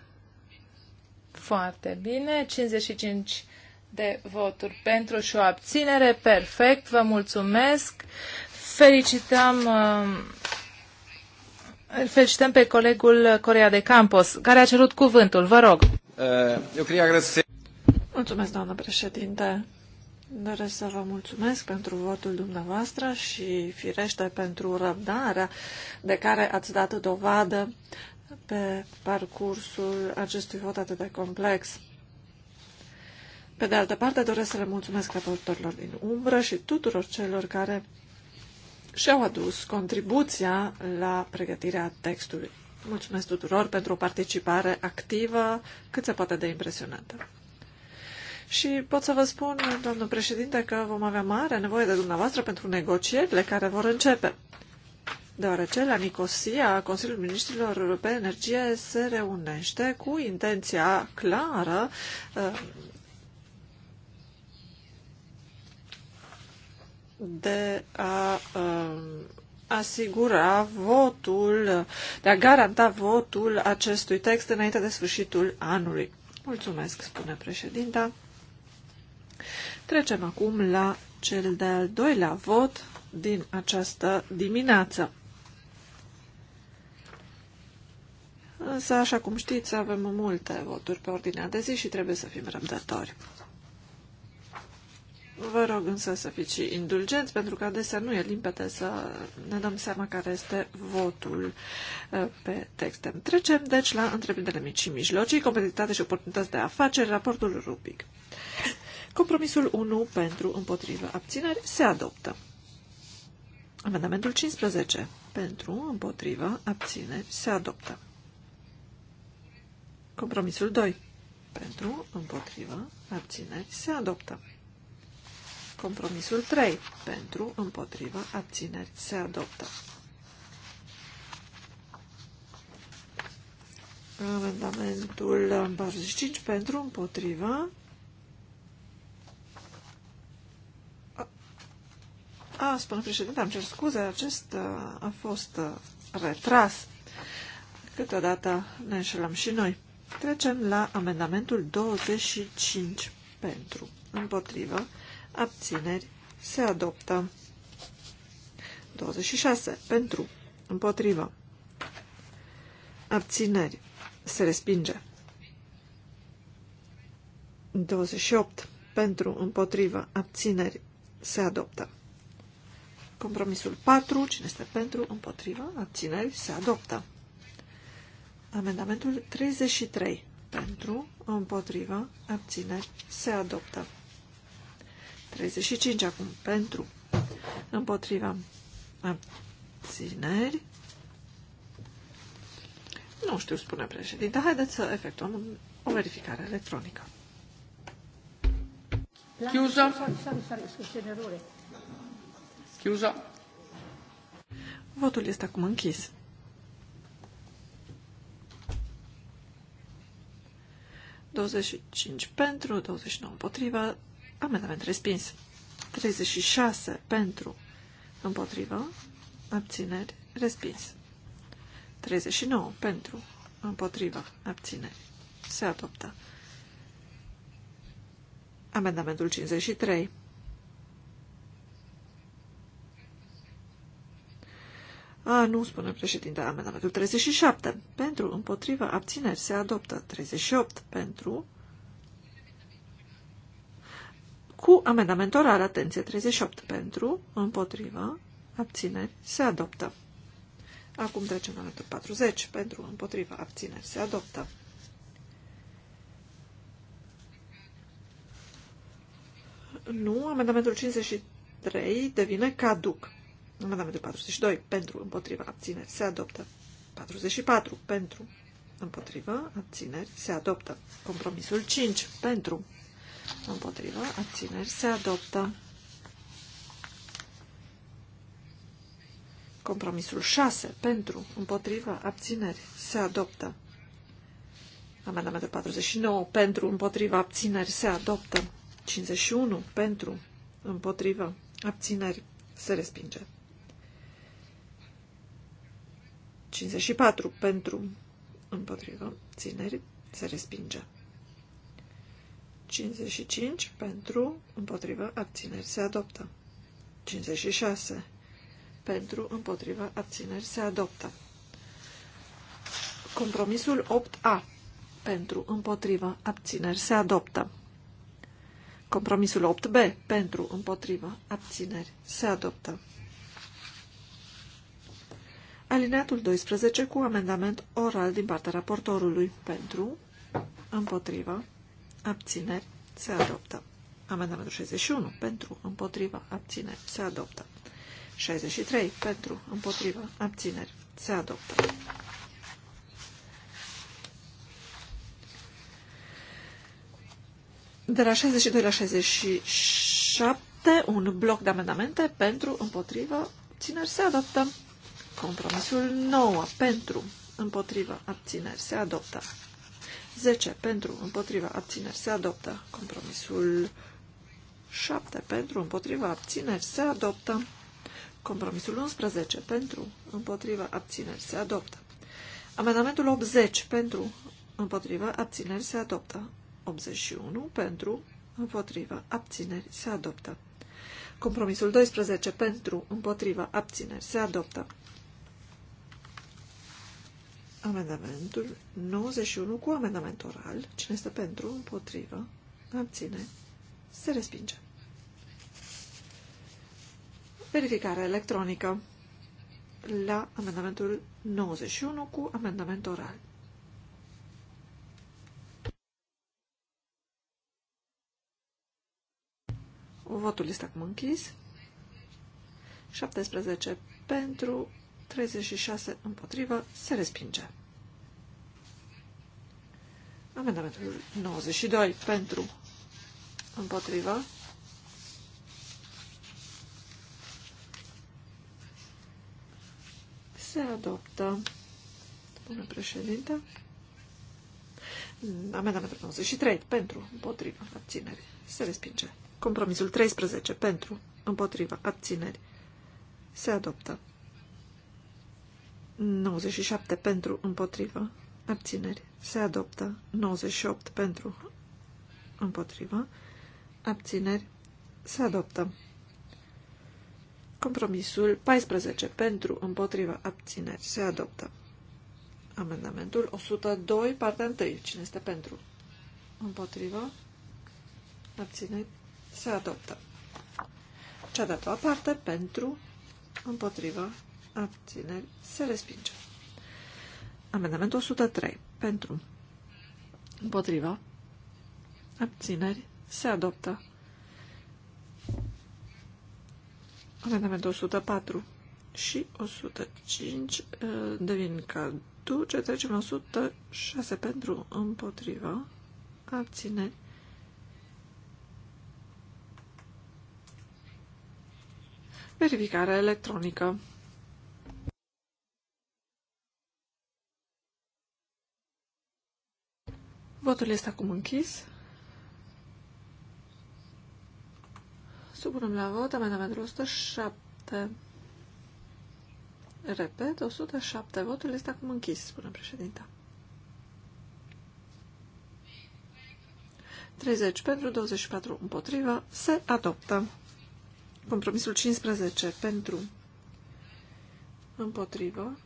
Foarte bine. 55 de voturi pentru și o abținere. Perfect, vă mulțumesc. Felicităm, uh, felicităm pe colegul Corea de Campos, care a cerut cuvântul. Vă rog. Eu cred că Mulțumesc, doamnă președinte. Doresc să vă mulțumesc pentru votul dumneavoastră și firește pentru răbdarea de care ați dat dovadă pe parcursul acestui vot atât de complex. Pe de altă parte, doresc să le mulțumesc raportorilor din umbră și tuturor celor care și-au adus contribuția la pregătirea textului. Mulțumesc tuturor pentru o participare activă cât se poate de impresionantă. Și pot să vă spun, domnul președinte, că vom avea mare nevoie de dumneavoastră pentru negocierile care vor începe. Deoarece la Nicosia, Consiliul Ministrilor pe Energie se reunește cu intenția clară de a um, asigura votul, de a garanta votul acestui text înainte de sfârșitul anului. Mulțumesc, spune președinta. Trecem acum la cel de-al doilea vot din această dimineață. Însă, așa cum știți, avem multe voturi pe ordinea de zi și trebuie să fim răbdători. Vă rog însă să fiți și indulgenți, pentru că adesea nu e limpede să ne dăm seama care este votul uh, pe texte. Trecem, deci, la întreprinderile mici și mijlocii, competitivitate și oportunități de afaceri, raportul Rubic. Compromisul 1 pentru împotrivă abțineri se adoptă. Amendamentul 15 pentru împotrivă abțineri se adoptă. Compromisul 2 pentru împotrivă abțineri se adoptă. Compromisul 3. Pentru, împotrivă, abțineri se adoptă. Amendamentul 45 pentru, împotrivă. A, spune președinte, am cer scuze, acesta a fost retras. Câteodată ne înșelăm și noi. Trecem la amendamentul 25 pentru, împotrivă, abțineri, se adoptă. 26. Pentru, împotrivă, abțineri, se respinge. 28. Pentru, împotrivă, abțineri, se adoptă. Compromisul 4. Cine este pentru, împotrivă, abțineri, se adoptă. Amendamentul 33. Pentru, împotrivă, abțineri, se adoptă. 35 acum. Pentru. Împotriva. Abțineri. Nu știu, spune președinte. Haideți să efectuăm o verificare electronică. Chiuza. Chiuza. Votul este acum închis. cinci pentru, nouă împotriva, Amendament respins. 36 pentru, împotrivă, abțineri, respins. 39 pentru, împotrivă, abțineri. Se adoptă. Amendamentul 53. A, nu, spune președinte, amendamentul 37. Pentru, împotrivă, abțineri, se adoptă. 38 pentru, cu amendament oral, atenție, 38 pentru, împotrivă, abțineri, se adoptă. Acum trecem la amendamentul 40, pentru, împotrivă, abțineri, se adoptă. Nu, amendamentul 53 devine caduc. Amendamentul 42, pentru, împotrivă, abțineri, se adoptă. 44, pentru, împotrivă, abțineri, se adoptă. Compromisul 5, pentru, Împotrivă. Abțineri. Se adoptă. Compromisul 6. Pentru. Împotrivă. Abțineri. Se adoptă. Amendamentul 49. Pentru. Împotrivă. Abțineri. Se adoptă. 51. Pentru. Împotrivă. Abțineri. Se respinge. 54. Pentru. Împotrivă. abțineri, Se respinge. 55 pentru, împotrivă, abțineri se adoptă. 56 pentru, împotrivă, abțineri se adoptă. Compromisul 8A pentru, împotrivă, abțineri se adoptă. Compromisul 8B pentru, împotrivă, abțineri se adoptă. Alineatul 12 cu amendament oral din partea raportorului pentru, împotrivă, abțineri, se adoptă. Amendamentul 61, pentru, împotriva, abțineri, se adoptă. 63, pentru, împotriva, abțineri, se adoptă. De la 62 la 67, un bloc de amendamente pentru, împotriva, abțineri se adoptă. Compromisul 9 pentru, împotriva, abțineri se adoptă. 10 pentru, împotriva, abțineri, se adoptă. Compromisul 7 pentru, împotriva, abțineri, se adoptă. Compromisul 11 pentru, împotriva, abțineri, se adoptă. Amendamentul 80 pentru, împotriva, abțineri, se adoptă. 81 pentru, împotriva, abțineri, se adoptă. Compromisul 12 pentru, împotriva, abțineri, se adoptă. Amendamentul 91 cu amendament oral. Cine este pentru, împotrivă, abține, se respinge. Verificare electronică la amendamentul 91 cu amendament oral. Votul este acum închis. 17 pentru, 36 împotrivă, se respinge. Amendamentul 92 pentru împotrivă. Se adoptă. Domnule președinte. Amendamentul 93 pentru împotrivă abțineri. Se respinge. Compromisul 13 pentru împotrivă abțineri. Se adoptă. 97 pentru împotrivă, abțineri, se adoptă. 98 pentru împotrivă, abțineri, se adoptă. Compromisul 14 pentru împotrivă, abțineri, se adoptă. Amendamentul 102, partea 1. Cine este pentru? Împotrivă, abțineri, se adoptă. Cea de-a doua parte pentru împotrivă, abțineri, se respinge. Amendamentul 103. Pentru. Împotriva. Abțineri. Se adoptă. Amendamentul 104 și 105 uh, devin caduce. Trecem la 106 pentru împotriva. Abțineri. Verificare electronică. Votul este acum închis. Supunem la vot amendamentul 107. Repet, 107. Votul este acum închis, spune președinta. 30 pentru, 24 împotrivă, se adoptă. Compromisul 15 pentru, împotrivă,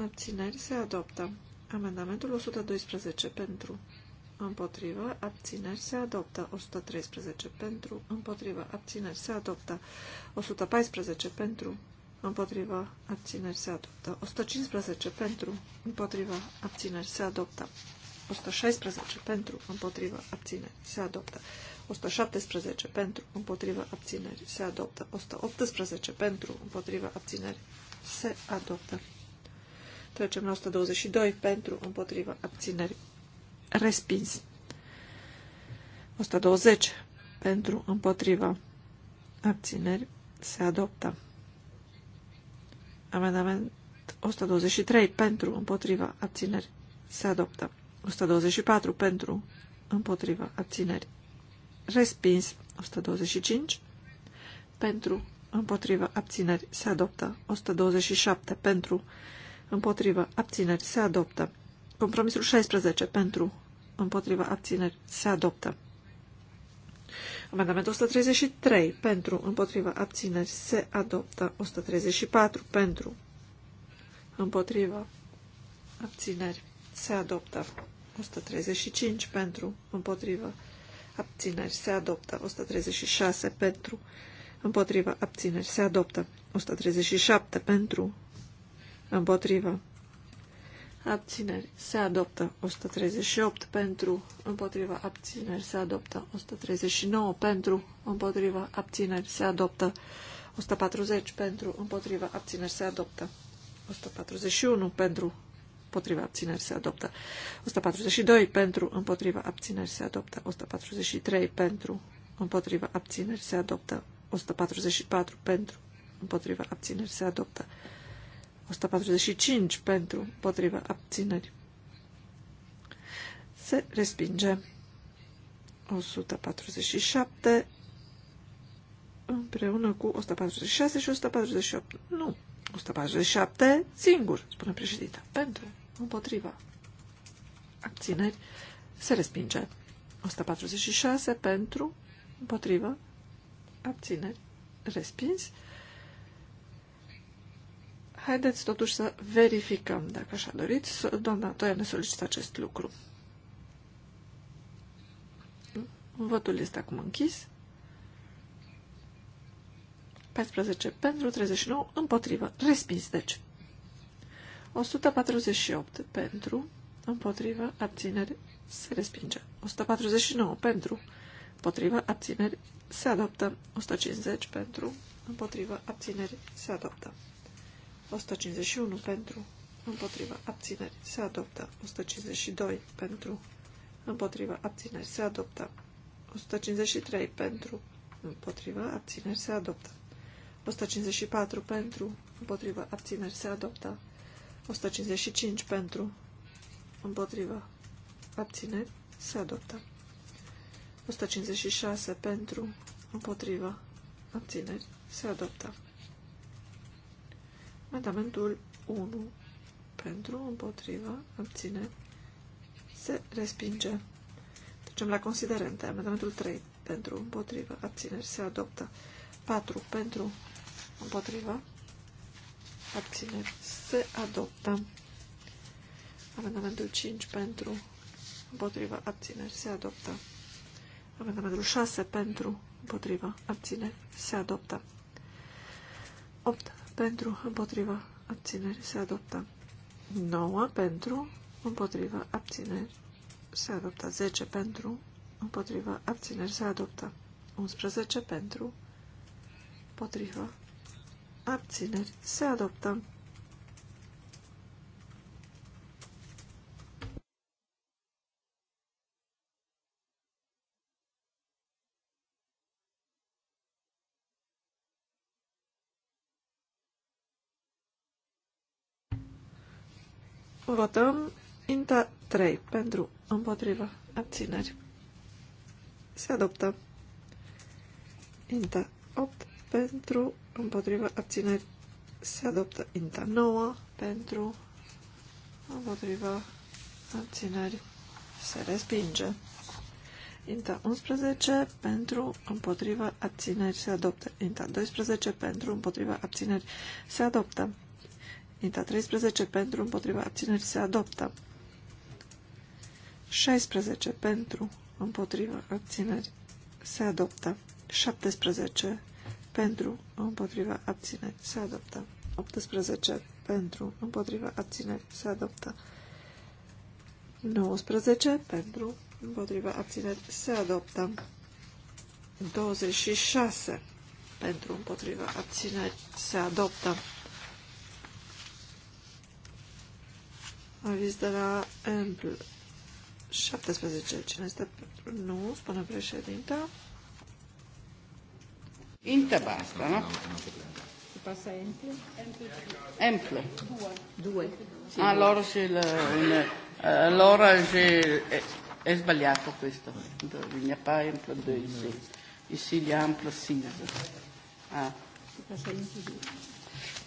abțineri, se adoptă. Amendamentul 112 pentru, împotrivă, abțineri, se adoptă 113 pentru, împotrivă, abțineri, se adoptă 114 pentru, împotrivă, abțineri, se adoptă 115 pentru, împotrivă, abțineri, se adoptă 116 pentru, împotrivă, abțineri, se adoptă 117 pentru, împotrivă, abțineri, se adoptă 118 pentru, împotrivă, abțineri, se adoptă. Trecem la 122 pentru, împotrivă, abțineri, respins. 120 pentru împotriva abțineri se adoptă. Amendament 123 pentru împotriva abțineri se adoptă. 124 pentru împotriva abțineri respins. 125 pentru împotriva abțineri se adoptă. 127 pentru împotriva abțineri se adoptă. Compromisul 16 pentru împotriva abțineri se adoptă. Amendamentul 133 pentru împotriva abțineri se adoptă. 134 pentru împotriva abțineri se adoptă. 135 pentru împotriva abțineri se adoptă. 136 pentru împotriva abțineri se adoptă. 137 pentru împotriva abțineri se adoptă 138 pentru, împotriva abțineri se adoptă 139 pentru, împotriva abțineri se adoptă 140 pentru, împotriva abțineri se adoptă 141 pentru, împotriva abțineri se adoptă 142 pentru, împotriva abțineri se adoptă 143 pentru, împotriva abțineri se adoptă 144 pentru, împotriva abțineri se adoptă 145 pentru, împotrivă, abțineri. Se respinge. 147 împreună cu 146 și 148. Nu, 147 singur, spune președinta. Pentru, împotriva, abțineri, se respinge. 146 pentru, împotriva, abțineri, respins. Haideți totuși să verificăm, dacă așa doriți. Doamna Toia ne solicită acest lucru. Votul este acum închis. 14 pentru, 39 împotrivă. Respins, deci. 148 pentru, împotrivă, abțineri, se respinge. 149 pentru, împotrivă, abțineri, se adoptă. 150 pentru, împotrivă, abțineri, se adoptă. 151 pentru, împotriva abțineri se adoptă. 152 pentru, împotriva abțineri se adoptă. 153 pentru, împotriva abțineri se adoptă. 154 pentru, împotriva abțineri se adoptă. 155 pentru, împotriva abțineri se adoptă. 156 pentru, împotriva abțineri se adoptă. Amendamentul 1 pentru, împotriva, abține, se respinge. Trecem la considerente. Amendamentul 3 pentru, împotriva, abțineri, se adoptă. 4 pentru, împotriva, abțineri, se adoptă. Amendamentul 5 pentru, împotriva, abțineri, se adoptă. Amendamentul 6 pentru, împotriva, abțineri, se adoptă. 8 pentru, împotriva, abțineri, se adoptă. 9 pentru, împotriva, abțineri, se adoptă. 10 pentru, împotriva, abțineri, se adoptă. 11 pentru, împotriva, abțineri, se adoptă. Votăm INTA 3 pentru împotriva abțineri. Se adoptă INTA 8 pentru împotriva abțineri. Se adoptă INTA 9 pentru împotriva abțineri. Se respinge. INTA 11 pentru împotriva abțineri se adoptă. INTA 12 pentru împotriva abțineri se adoptă. Inta 13 pentru împotriva abținerii se adoptă. 16 pentru împotriva abținerii se adoptă. 17 pentru împotriva abținerii se adoptă. 18 pentru împotriva abținerii se adoptă. 19 pentru împotriva abținerii se adoptă. 26 pentru împotriva abținerii se adoptă. Aviz de la Empl. 17. Cine este pentru? Nu, spune președinte. Inte basta, nu? Si passa Emple? Emple. Due. Due. Ah, sì, allora c'è il, allora c'è, è, è sbagliato questo. Il mio pa Emple 2, sì. Il Siglia Ample 6. Ah. Si passa Emple 2.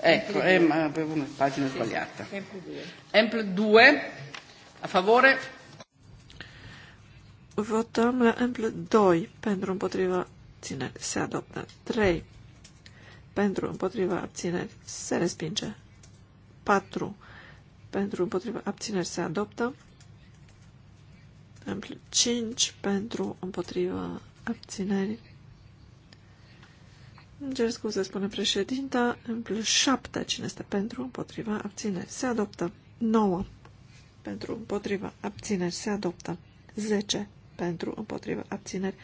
Ecco, è, eh, ma avevo una pagina sì, sbagliata. Empl 2, a favore? Votăm la Empl 2 pentru împotriva abțineri. Se adoptă. 3 pentru împotriva abțineri. Se respinge. 4 pentru împotriva abțineri. Se adoptă. Empl 5 pentru împotriva abțineri îmi cer scuze, spune președinta. plus 7. Cine este pentru? Împotriva. Abțineri. Se adoptă. 9. Pentru. Împotriva. Abțineri. Se adoptă. 10. Pentru. Împotriva. Abțineri.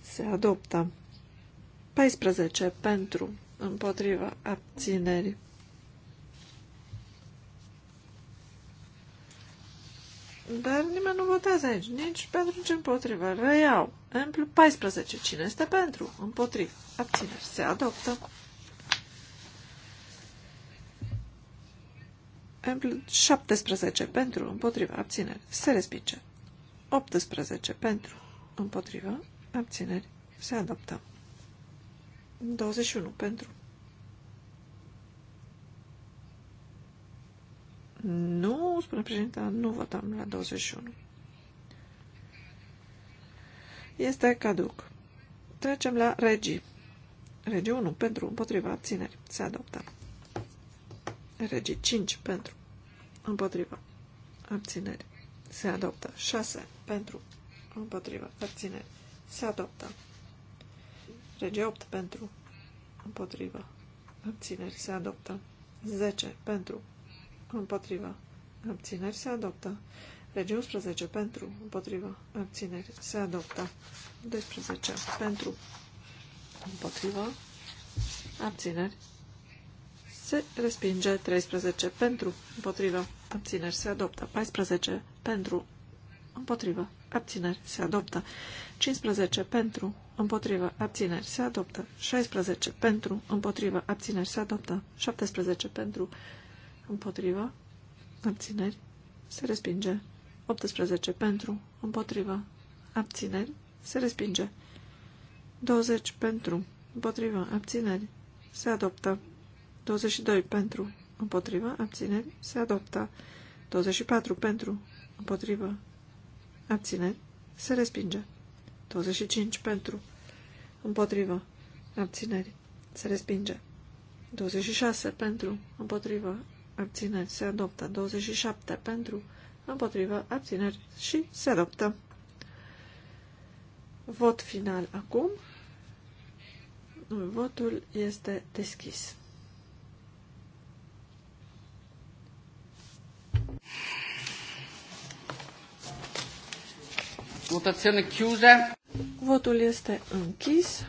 Se adoptă. 14. Pentru. Împotriva. Abțineri. Dar nimeni nu votează aici, nici pentru, ce împotrivă. Reiau. Amplu 14. Cine este pentru? Împotrivă. Abțineri. Se adoptă. Amplu 17. Pentru. Împotrivă. Abțineri. Se respinge. 18. Pentru. Împotrivă. Abțineri. Se adoptă. 21. Pentru. Nu, spune președinte, nu votăm la 21. Este caduc. Trecem la regii. Regii 1 pentru împotriva abțineri. Se adoptă. Regii 5 pentru împotriva abțineri. Se adoptă. 6 pentru împotriva abțineri. Se adoptă. Regii 8 pentru împotriva abțineri. Se adoptă. 10 pentru împotriva, abțineri se adoptă. Regi 11 pentru, împotriva, abțineri se adoptă. 12 pentru, împotriva, abțineri se respinge. 13 pentru, împotriva, abțineri se adoptă. 14 pentru, împotrivă, abțineri, se adoptă. 15 pentru, împotrivă, abțineri, se adoptă. 16 pentru, împotrivă, abțineri, se adoptă. 17 pentru, împotrivă, abțineri, se respinge. 18 pentru, împotrivă, abțineri, se respinge. 20 pentru, împotrivă, abțineri, se adoptă. 22 pentru, împotrivă, abțineri, se adoptă. 24 pentru, împotrivă, abțineri, se respinge. 25 pentru, împotrivă, abțineri, se respinge. 26 pentru, împotrivă, abțineri se adoptă. 27 pentru, împotrivă, abțineri și se adoptă. Vot final acum. Votul este deschis. Votazione chiusa. Votul este închis.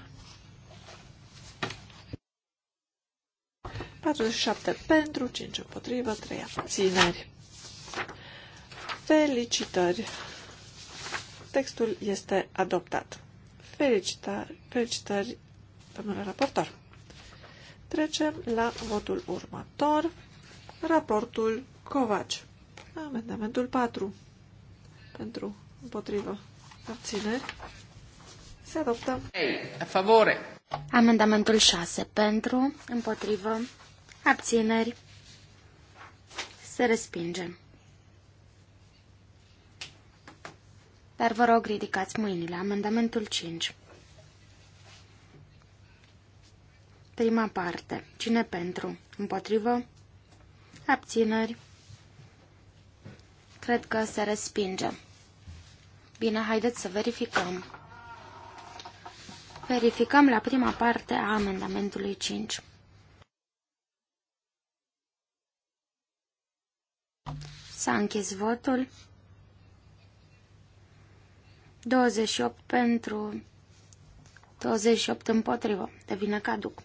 47 pentru, 5 împotrivă, 3 abțineri. Felicitări! Textul este adoptat. Felicitări, felicitări domnule raportor. Trecem la votul următor. Raportul Covaci. Amendamentul 4 pentru împotrivă abțineri se adoptă. Ei, a favore. Amendamentul 6 pentru împotrivă abțineri, se respinge. Dar vă rog, ridicați mâinile. Amendamentul 5. Prima parte. Cine pentru? Împotrivă? Abțineri. Cred că se respinge. Bine, haideți să verificăm. Verificăm la prima parte a amendamentului 5. S-a închis votul. 28 pentru, 28 împotrivă, devine caduc.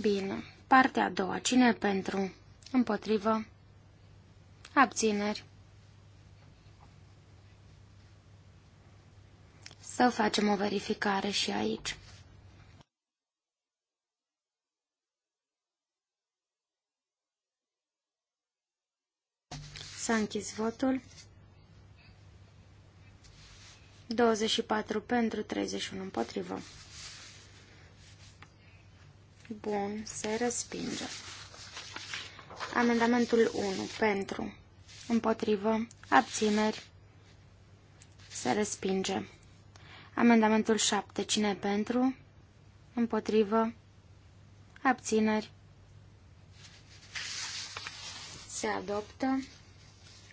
Bine. Partea a doua. Cine pentru? Împotrivă. Abțineri. Să facem o verificare și aici. S-a închis votul. 24 pentru, 31 împotrivă. Bun, se respinge. Amendamentul 1 pentru, împotrivă, abțineri, se respinge. Amendamentul 7, cine pentru, împotrivă, abțineri, se adoptă.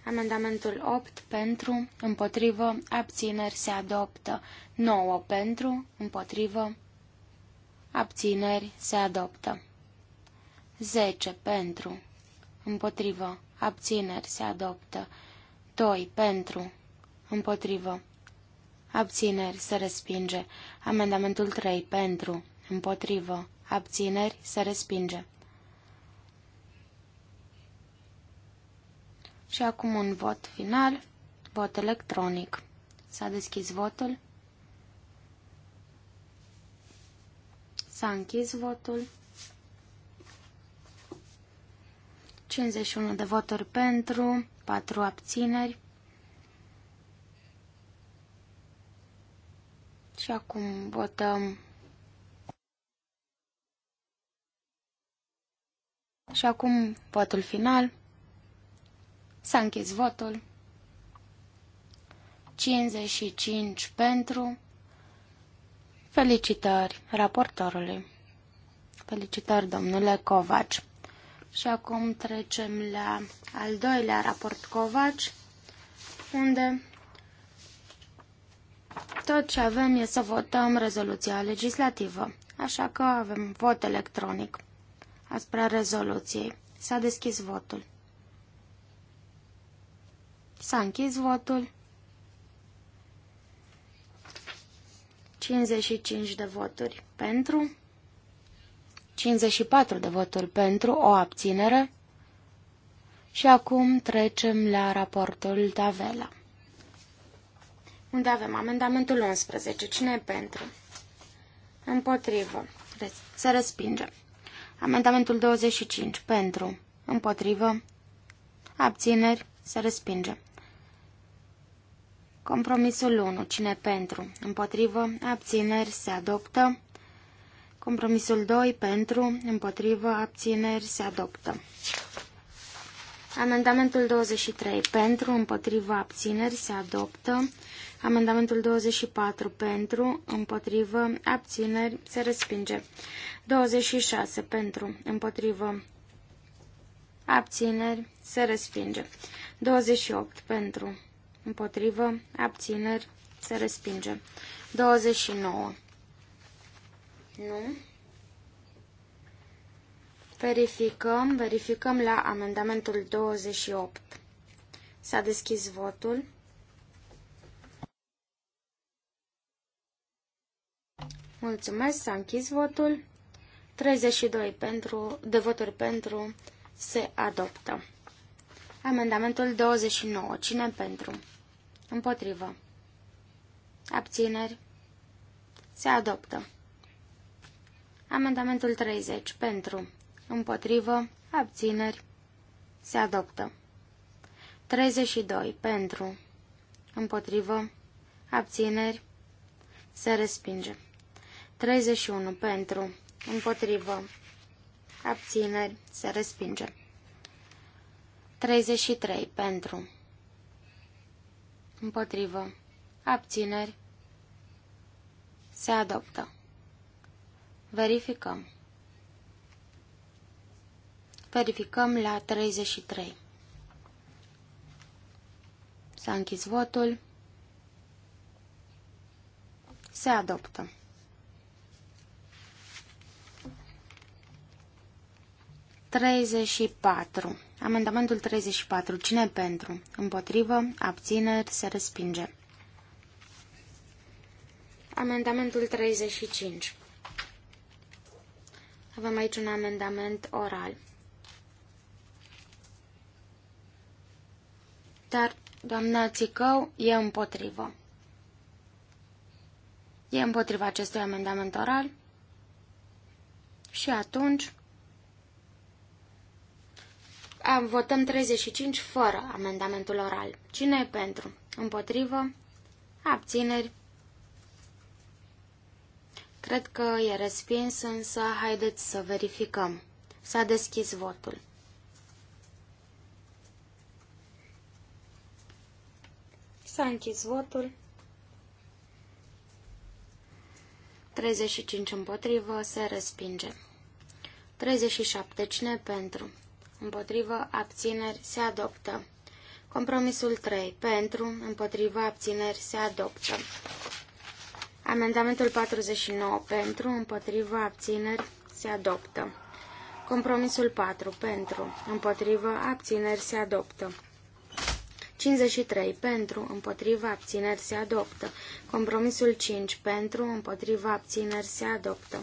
Amendamentul 8 pentru, împotrivă, abțineri se adoptă. 9 pentru, împotrivă, abțineri se adoptă. 10 pentru, împotrivă, abțineri se adoptă. 2 pentru, împotrivă, abțineri se respinge. Amendamentul 3 pentru, împotrivă, abțineri se respinge. Și acum un vot final, vot electronic. S-a deschis votul. S-a închis votul. 51 de voturi pentru, 4 abțineri. Și acum votăm. Și acum votul final. S-a închis votul. 55 pentru. Felicitări raportorului. Felicitări, domnule Covaci. Și acum trecem la al doilea raport Covaci, unde tot ce avem e să votăm rezoluția legislativă, așa că avem vot electronic asupra rezoluției. S-a deschis votul. S-a închis votul. 55 de voturi pentru, 54 de voturi pentru, o abținere. Și acum trecem la raportul Tavela. Unde avem amendamentul 11. Cine e pentru? Împotrivă. Se respinge. Amendamentul 25. Pentru. Împotrivă. Abțineri. Se respinge. Compromisul 1. Cine pentru? Împotrivă. Abțineri se adoptă. Compromisul 2. Pentru. Împotrivă. Abțineri se adoptă. Amendamentul 23. Pentru. Împotrivă. Abțineri se adoptă. Amendamentul 24. Pentru. Împotrivă. Abțineri se respinge. 26. Pentru. Împotrivă. Abțineri se respinge. 28. Pentru împotrivă, abțineri, se respinge. 29. Nu. Verificăm, verificăm la amendamentul 28. S-a deschis votul. Mulțumesc, s-a închis votul. 32 pentru, de voturi pentru se adoptă. Amendamentul 29. Cine pentru? Împotrivă. Abțineri. Se adoptă. Amendamentul 30. Pentru. Împotrivă. Abțineri. Se adoptă. 32. Pentru. Împotrivă. Abțineri. Se respinge. 31. Pentru. Împotrivă. Abțineri. Se respinge. 33. Pentru. Împotrivă. Abțineri. Se adoptă. Verificăm. Verificăm la 33. S-a închis votul. Se adoptă. Treizeci și patru. Amendamentul 34. Cine pentru? Împotrivă? Abțineri? Se respinge. Amendamentul 35. Avem aici un amendament oral. Dar doamna Țicău e împotrivă. E împotriva acestui amendament oral și atunci am, votăm 35 fără amendamentul oral. Cine e pentru? Împotrivă? Abțineri? Cred că e respins, însă haideți să verificăm. S-a deschis votul. S-a închis votul. 35 împotrivă, se respinge. 37. Cine pentru? împotrivă, abțineri, se adoptă. Compromisul 3. Pentru, împotrivă, abțineri, se adoptă. Amendamentul 49. Pentru, împotrivă, abțineri, se adoptă. Compromisul 4. Pentru, împotrivă, abțineri, se adoptă. 53. Pentru, împotrivă, abțineri se adoptă. Compromisul 5. Pentru, împotrivă, abțineri se adoptă.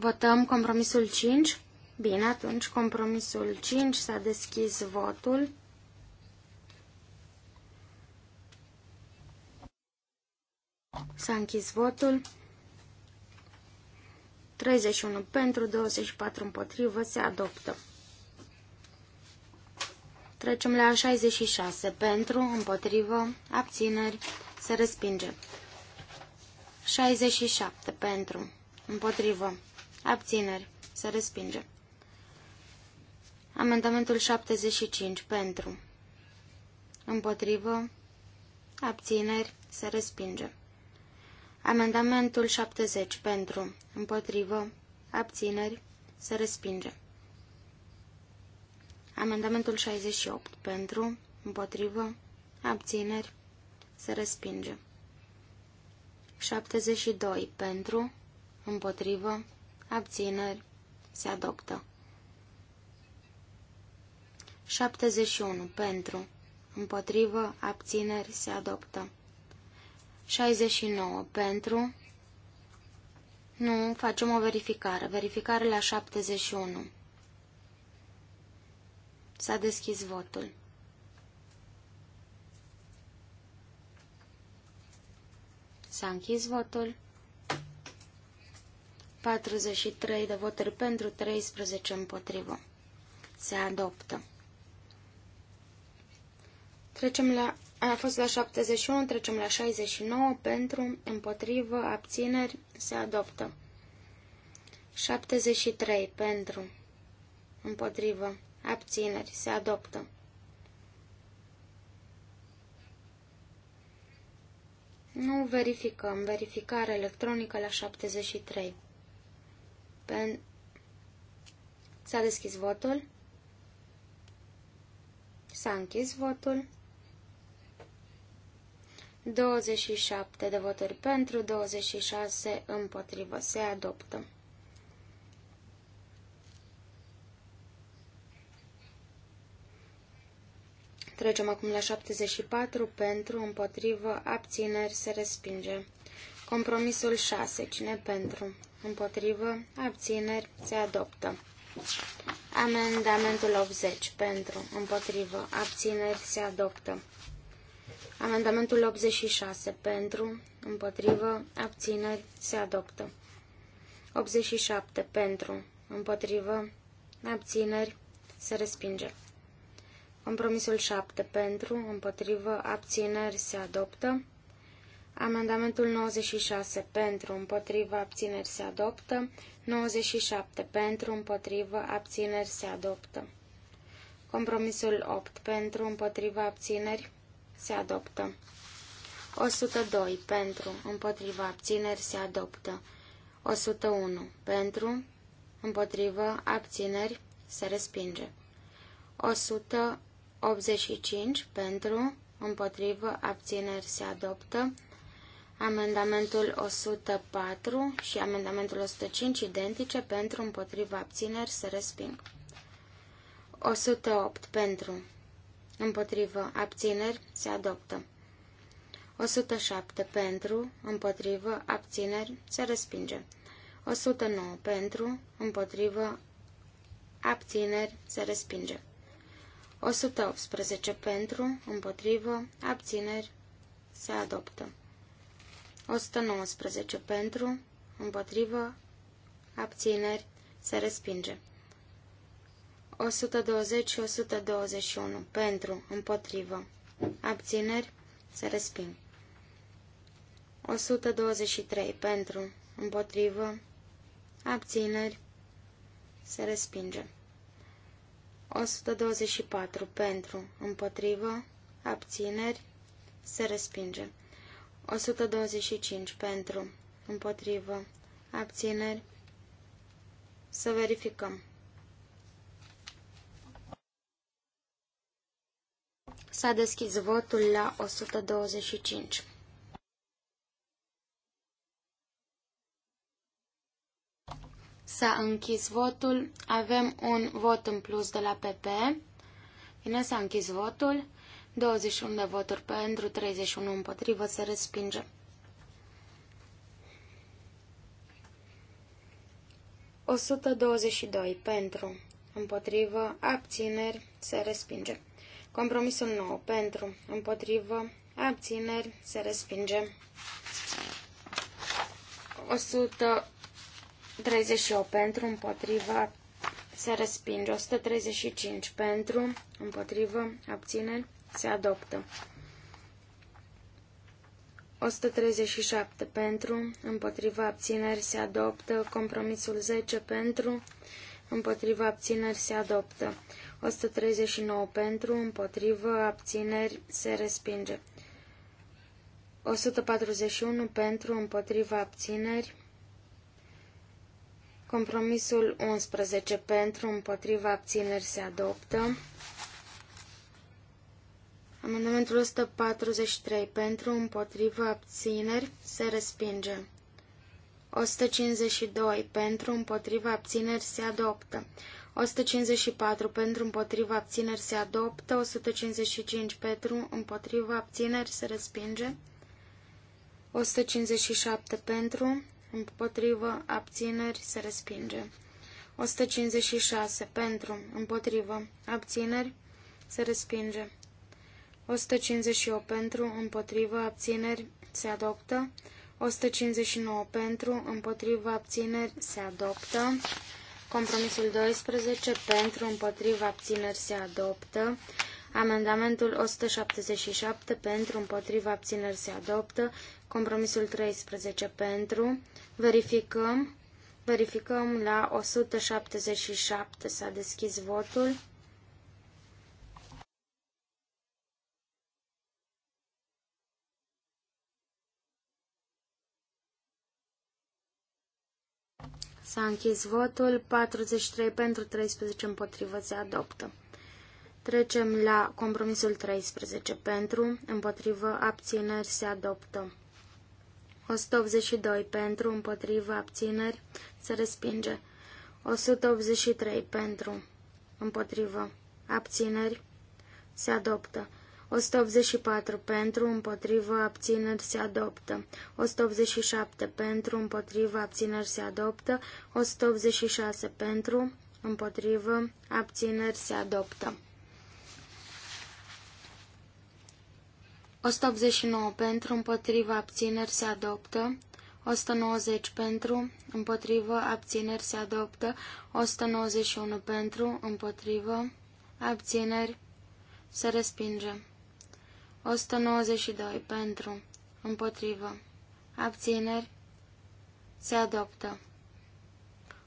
Votăm compromisul 5? Bine, atunci compromisul 5 s-a deschis votul. S-a închis votul. 31 pentru, 24 împotrivă, se adoptă. Trecem la 66. Pentru, împotrivă, abțineri, se respinge. 67. Pentru, împotrivă, Abțineri. Se respinge. Amendamentul 75. Pentru. Împotrivă. Abțineri. Se respinge. Amendamentul 70. Pentru. Împotrivă. Abțineri. Se respinge. Amendamentul 68. Pentru. Împotrivă. Abțineri. Se respinge. 72. Pentru. Împotrivă abțineri, se adoptă. 71. Pentru, împotrivă, abțineri, se adoptă. 69. Pentru, nu, facem o verificare. Verificare la 71. S-a deschis votul. S-a închis votul. 43 de voturi pentru, 13 împotrivă. Se adoptă. Trecem la... A fost la 71, trecem la 69, pentru, împotrivă, abțineri, se adoptă. 73, pentru, împotrivă, abțineri, se adoptă. Nu verificăm. Verificare electronică la 73. Pen... S-a deschis votul. S-a închis votul. 27 de voturi pentru, 26 împotrivă. Se adoptă. Trecem acum la 74 pentru, împotrivă, abțineri, se respinge. Compromisul 6. Cine pentru? Împotrivă. Abțineri. Se adoptă. Amendamentul 80. Pentru. Împotrivă. Abțineri. Se adoptă. Amendamentul 86. Pentru. Împotrivă. Abțineri. Se adoptă. 87. Pentru. Împotrivă. Abțineri. Se respinge. Compromisul 7. Pentru. Împotrivă. Abțineri. Se adoptă. Amendamentul 96 pentru împotrivă abțineri se adoptă. 97 pentru împotrivă abțineri se adoptă. Compromisul 8 pentru împotrivă abțineri se adoptă. 102 pentru împotrivă abțineri se adoptă. 101 pentru împotrivă abțineri se respinge. 185 pentru împotrivă abțineri se adoptă. Amendamentul 104 și amendamentul 105 identice pentru împotriva abțineri se resping. 108 pentru împotrivă abțineri se adoptă. 107 pentru împotrivă abțineri se respinge. 109 pentru împotrivă abțineri se respinge. 118 pentru împotrivă abțineri se adoptă. 119 pentru, împotrivă, abțineri, se respinge. 120 și 121 pentru, împotrivă, abțineri, se resping. 123 pentru, împotrivă, abțineri, se respinge. 124 pentru, împotrivă, abțineri, se respinge. 125 pentru, împotrivă, abțineri, să verificăm. S-a deschis votul la 125. S-a închis votul. Avem un vot în plus de la PP. Bine, s-a închis votul. 21 de voturi pentru, 31 împotrivă, se respinge. O 122 pentru, împotrivă, abțineri, se respinge. Compromisul 9 pentru, împotrivă, abțineri, se respinge. 138 pentru, împotrivă, se respinge. 135 pentru, împotrivă, abțineri, se adoptă. 137 pentru, împotriva abțineri se adoptă, compromisul 10 pentru, împotriva abțineri se adoptă, 139 pentru, împotriva abțineri se respinge, 141 pentru, împotriva abțineri, compromisul 11 pentru, împotriva abțineri se adoptă, Amendamentul 143 pentru, împotrivă, abțineri, se respinge. 152 pentru, împotrivă, abțineri, se adoptă. 154 pentru, împotrivă, abțineri, se adoptă. 155 pentru, împotrivă, abțineri, se respinge. 157 pentru, împotrivă, abțineri, se respinge. 156 pentru, împotrivă, abțineri, se respinge. 158 pentru, împotrivă, abțineri, se adoptă. 159 pentru, împotrivă, abțineri, se adoptă. Compromisul 12 pentru, împotrivă, abțineri, se adoptă. Amendamentul 177 pentru, împotrivă, abțineri, se adoptă. Compromisul 13 pentru. Verificăm. Verificăm la 177 s-a deschis votul. S-a închis votul, 43 pentru 13 împotrivă se adoptă. Trecem la compromisul 13 pentru, împotrivă, abțineri se adoptă. 182 pentru, împotrivă, abțineri se respinge. 183 pentru, împotrivă, abțineri se adoptă. 184 pentru, împotrivă, abțineri se adoptă. 187 pentru, împotrivă, abțineri se adoptă. 186 pentru, împotrivă, abțineri se adoptă. 189 pentru, împotrivă, abțineri se adoptă. 190 pentru, împotrivă, abțineri se adoptă. 191 pentru, împotrivă, abțineri se respinge. 192 pentru, împotrivă, abțineri, se adoptă.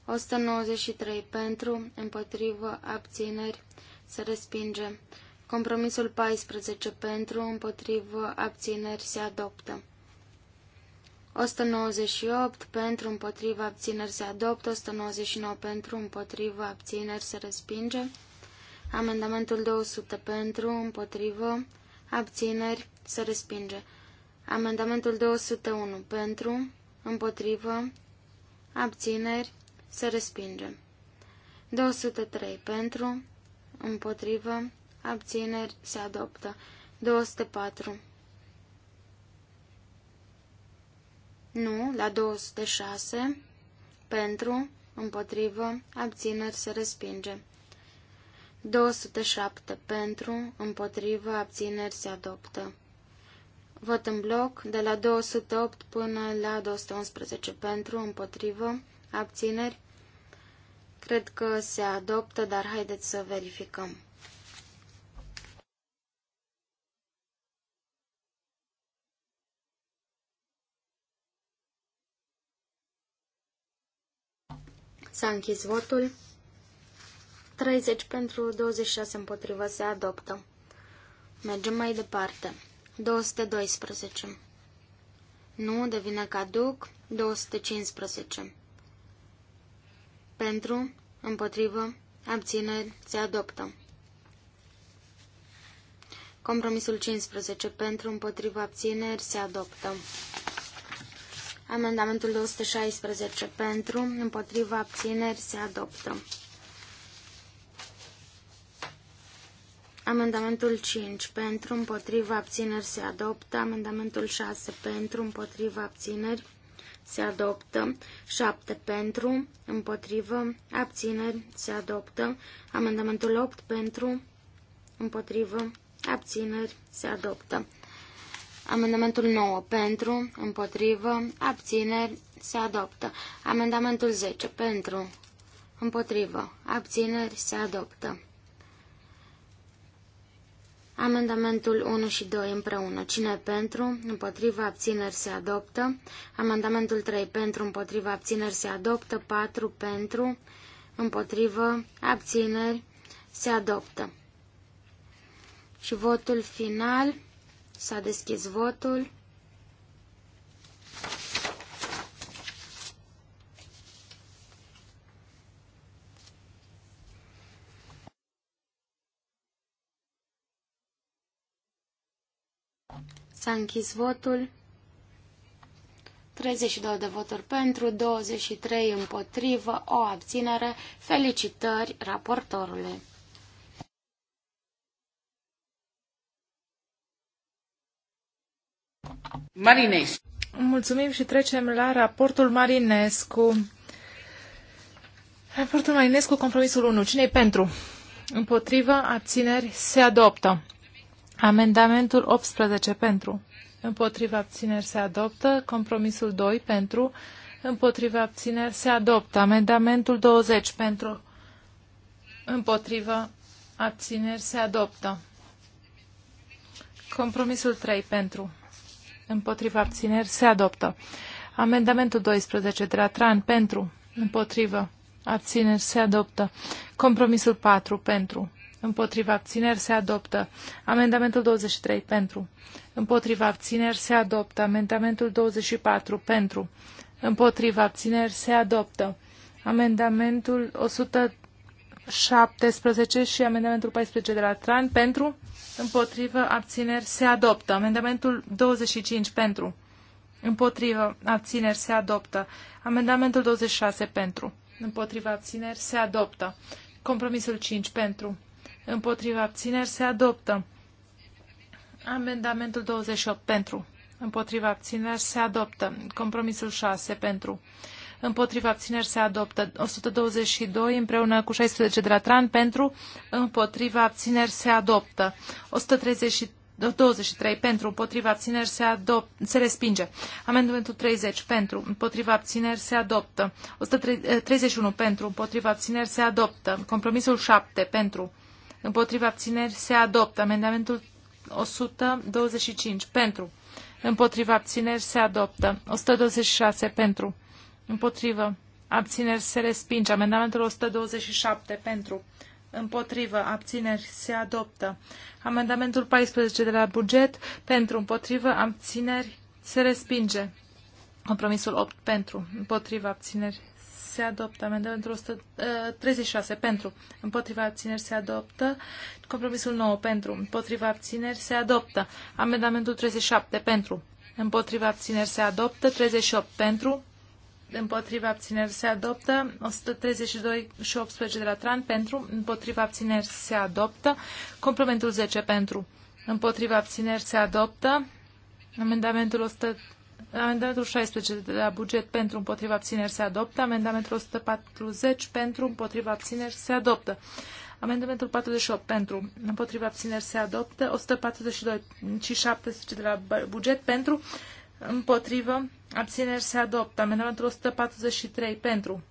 193 pentru, împotrivă, abțineri, se respinge. Compromisul 14 pentru, împotrivă, abțineri, se adoptă. 198 pentru, împotriva, abțineri, se adoptă. 199 pentru, împotriva, abțineri, se respinge. Amendamentul 200 pentru, împotrivă, abțineri, se respinge. Amendamentul 201 pentru, împotrivă, abțineri, se respinge. 203 pentru, împotrivă, abțineri, se adoptă. 204 Nu, la 206 pentru, împotrivă, abțineri, se respinge. 207 pentru, împotrivă, abțineri se adoptă. Vot în bloc de la 208 până la 211 pentru, împotrivă, abțineri. Cred că se adoptă, dar haideți să verificăm. S-a închis votul. 30 pentru 26 împotriva se adoptă. Mergem mai departe. 212. Nu devine caduc. 215. Pentru, împotrivă, abține, se adoptă. Compromisul 15. Pentru, împotrivă, abțineri, se adoptă. Amendamentul 216. Pentru, împotrivă, abțineri, se adoptă. Amendamentul 5 pentru împotriva abțineri se adoptă. Amendamentul 6 pentru împotriva abțineri se adoptă. 7 pentru împotriva abțineri se adoptă. Amendamentul 8 pentru împotriva abțineri se adoptă. Amendamentul 9 pentru împotriva abțineri se adoptă. Amendamentul 10 pentru împotriva abțineri se adoptă. Amendamentul 1 și 2 împreună. Cine pentru? Împotriva abțineri se adoptă. Amendamentul 3 pentru, împotriva abțineri se adoptă. 4 pentru, împotrivă abțineri se adoptă. Și votul final. S-a deschis votul. S-a închis votul. 32 de voturi pentru, 23 împotrivă, o abținere. Felicitări raportorului! Marinescu. Mulțumim și trecem la raportul Marinescu. Raportul Marinescu, compromisul 1. Cine-i pentru? Împotrivă, abțineri, se adoptă. Amendamentul 18 pentru. Împotriva abțineri se adoptă. Compromisul 2 pentru. Împotriva abțineri se adoptă. Amendamentul 20 pentru. Împotriva abțineri se adoptă. Compromisul 3 pentru. Împotriva abțineri se adoptă. Amendamentul 12 de la Tran pentru. Împotriva Abțineri se adoptă. Compromisul 4 pentru. Împotriva abțineri se adoptă. Amendamentul 23 pentru. Împotriva abțineri se adoptă. Amendamentul 24 pentru. Împotriva abțineri se adoptă. Amendamentul 117 și amendamentul 14 de la Tran pentru. Împotriva abțineri se adoptă. Amendamentul 25 pentru. Împotriva abțineri se adoptă. Amendamentul 26 pentru. Împotriva abțineri se adoptă. Compromisul 5 pentru împotriva abțineri se adoptă. Amendamentul 28 pentru, împotriva abțineri se adoptă. Compromisul 6 pentru, împotriva abțineri se adoptă. 122 împreună cu 16 de la Tran pentru, împotriva abțineri se adoptă. 133 23 pentru, împotriva abțineri se, adop, se respinge. Amendamentul 30 pentru, împotriva abțineri se adoptă. 131 pentru, împotriva abțineri se adoptă. Compromisul 7 pentru, împotriva abțineri se adoptă. Amendamentul 125 pentru, împotriva abțineri se adoptă. 126 pentru, împotrivă, abțineri se respinge. Amendamentul 127 pentru, împotrivă, abțineri se adoptă. Amendamentul 14 de la buget pentru, împotrivă, abțineri se respinge. Compromisul 8 pentru, Împotrivă. abțineri se adoptă. Amendamentul 136 uh, pentru. Împotriva abțineri se adoptă. Compromisul 9 pentru. Împotriva abțineri se adoptă. Amendamentul 37 pentru. Împotriva abțineri se adoptă. 38 pentru. Împotriva abțineri se adoptă. 132 și 18 de la Tran pentru. Împotriva abțineri se adoptă. Complementul 10 pentru. Împotriva abțineri se adoptă. Amendamentul 100 Amendamentul 16 de la buget pentru împotriva abțineri se adoptă. Amendamentul 140 pentru împotriva abțineri se adoptă. Amendamentul 48 pentru împotriva abțineri se adoptă. 142 și 17 de la buget pentru împotriva abțineri se adoptă. Amendamentul 143 pentru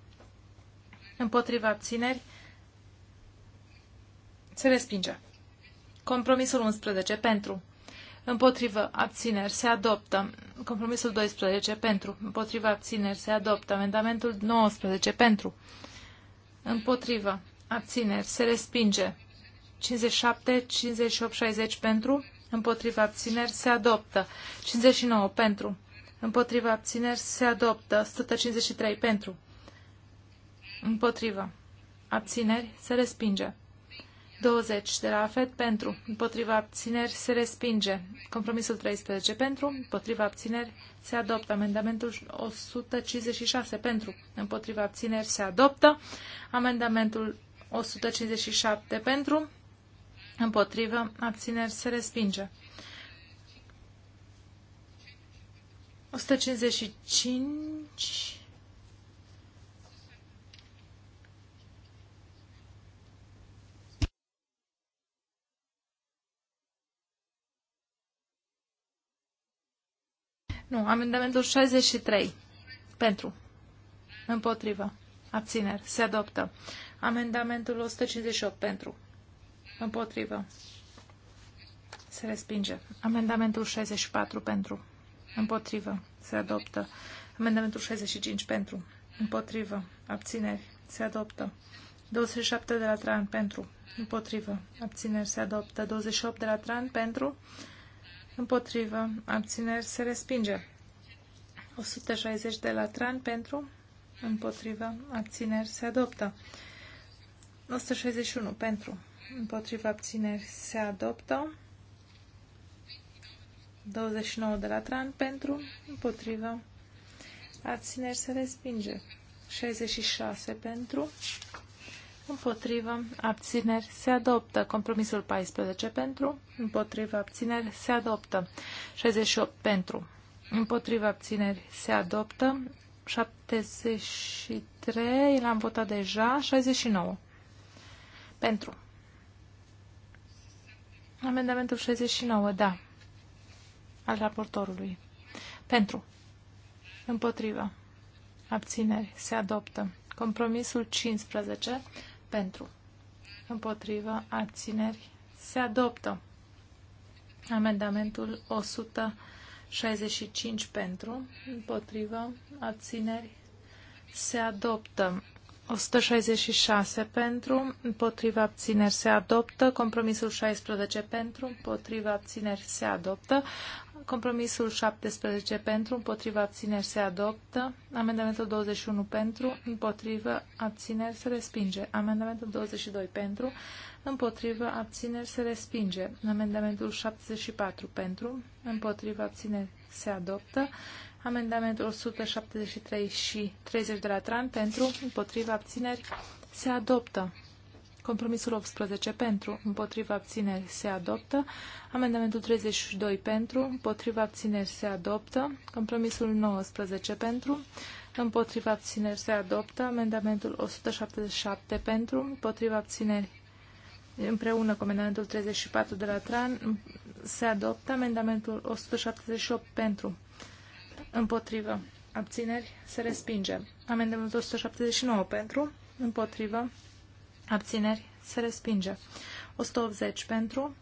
împotriva abțineri se respinge. Compromisul 11 pentru Împotrivă abțineri se adoptă. Compromisul 12 pentru. Împotrivă abțineri se adoptă. Amendamentul 19 pentru. Împotrivă abțineri se respinge. 57, 58, 60 pentru. Împotrivă abțineri se adoptă. 59 pentru. Împotrivă abțineri se adoptă. 153 pentru. Împotrivă. Abțineri se respinge. 20 de la AFET pentru, împotriva abțineri se respinge. Compromisul 13 pentru, împotriva abțineri se adoptă. Amendamentul 156 pentru, împotriva abțineri se adoptă. Amendamentul 157 pentru, împotriva abțineri se respinge. 155 Nu, amendamentul 63. Pentru. Împotrivă. Abțineri. Se adoptă. Amendamentul 158. Pentru. Împotrivă. Se respinge. Amendamentul 64. Pentru. Împotrivă. Se adoptă. Amendamentul 65. Pentru. Împotrivă. Abțineri. Se adoptă. 27 de la Tran. Pentru. Împotrivă. Abțineri. Se adoptă. 28 de la Tran. Pentru. Împotrivă. Abțineri se respinge. 160 de la tran pentru. Împotrivă. Abțineri se adoptă. 161 pentru. Împotrivă. Abțineri se adoptă. 29 de la tran pentru. Împotrivă. Abțineri se respinge. 66 pentru. Împotrivă, abțineri, se adoptă. Compromisul 14 pentru. Împotrivă, abțineri, se adoptă. 68 pentru. Împotrivă, abțineri, se adoptă. 73, l-am votat deja. 69. Pentru. Amendamentul 69, da. Al raportorului. Pentru. Împotrivă. Abțineri. Se adoptă. Compromisul 15 pentru, împotrivă, abțineri, se adoptă. Amendamentul 165 pentru, împotrivă, abțineri, se adoptă. 166 pentru, împotriva abțineri se adoptă, compromisul 16 pentru, împotriva abțineri se adoptă, Compromisul 17 pentru, împotriva abțineri se adoptă. Amendamentul 21 pentru, împotriva abțineri se respinge. Amendamentul 22 pentru, împotriva abțineri se respinge. Amendamentul 74 pentru, împotriva abțineri se adoptă. Amendamentul 173 și 30 de la TRAN pentru, împotriva abțineri se adoptă. Compromisul 18 pentru, împotriva abțineri se adoptă. Amendamentul 32 pentru, împotriva abțineri se adoptă. Compromisul 19 pentru, împotriva abțineri se adoptă. Amendamentul 177 pentru, împotriva abțineri împreună cu amendamentul 34 de la TRAN se adoptă. Amendamentul 178 pentru, împotriva abțineri se respinge. Amendamentul 179 pentru, împotriva abțineri, se respinge. 180 pentru,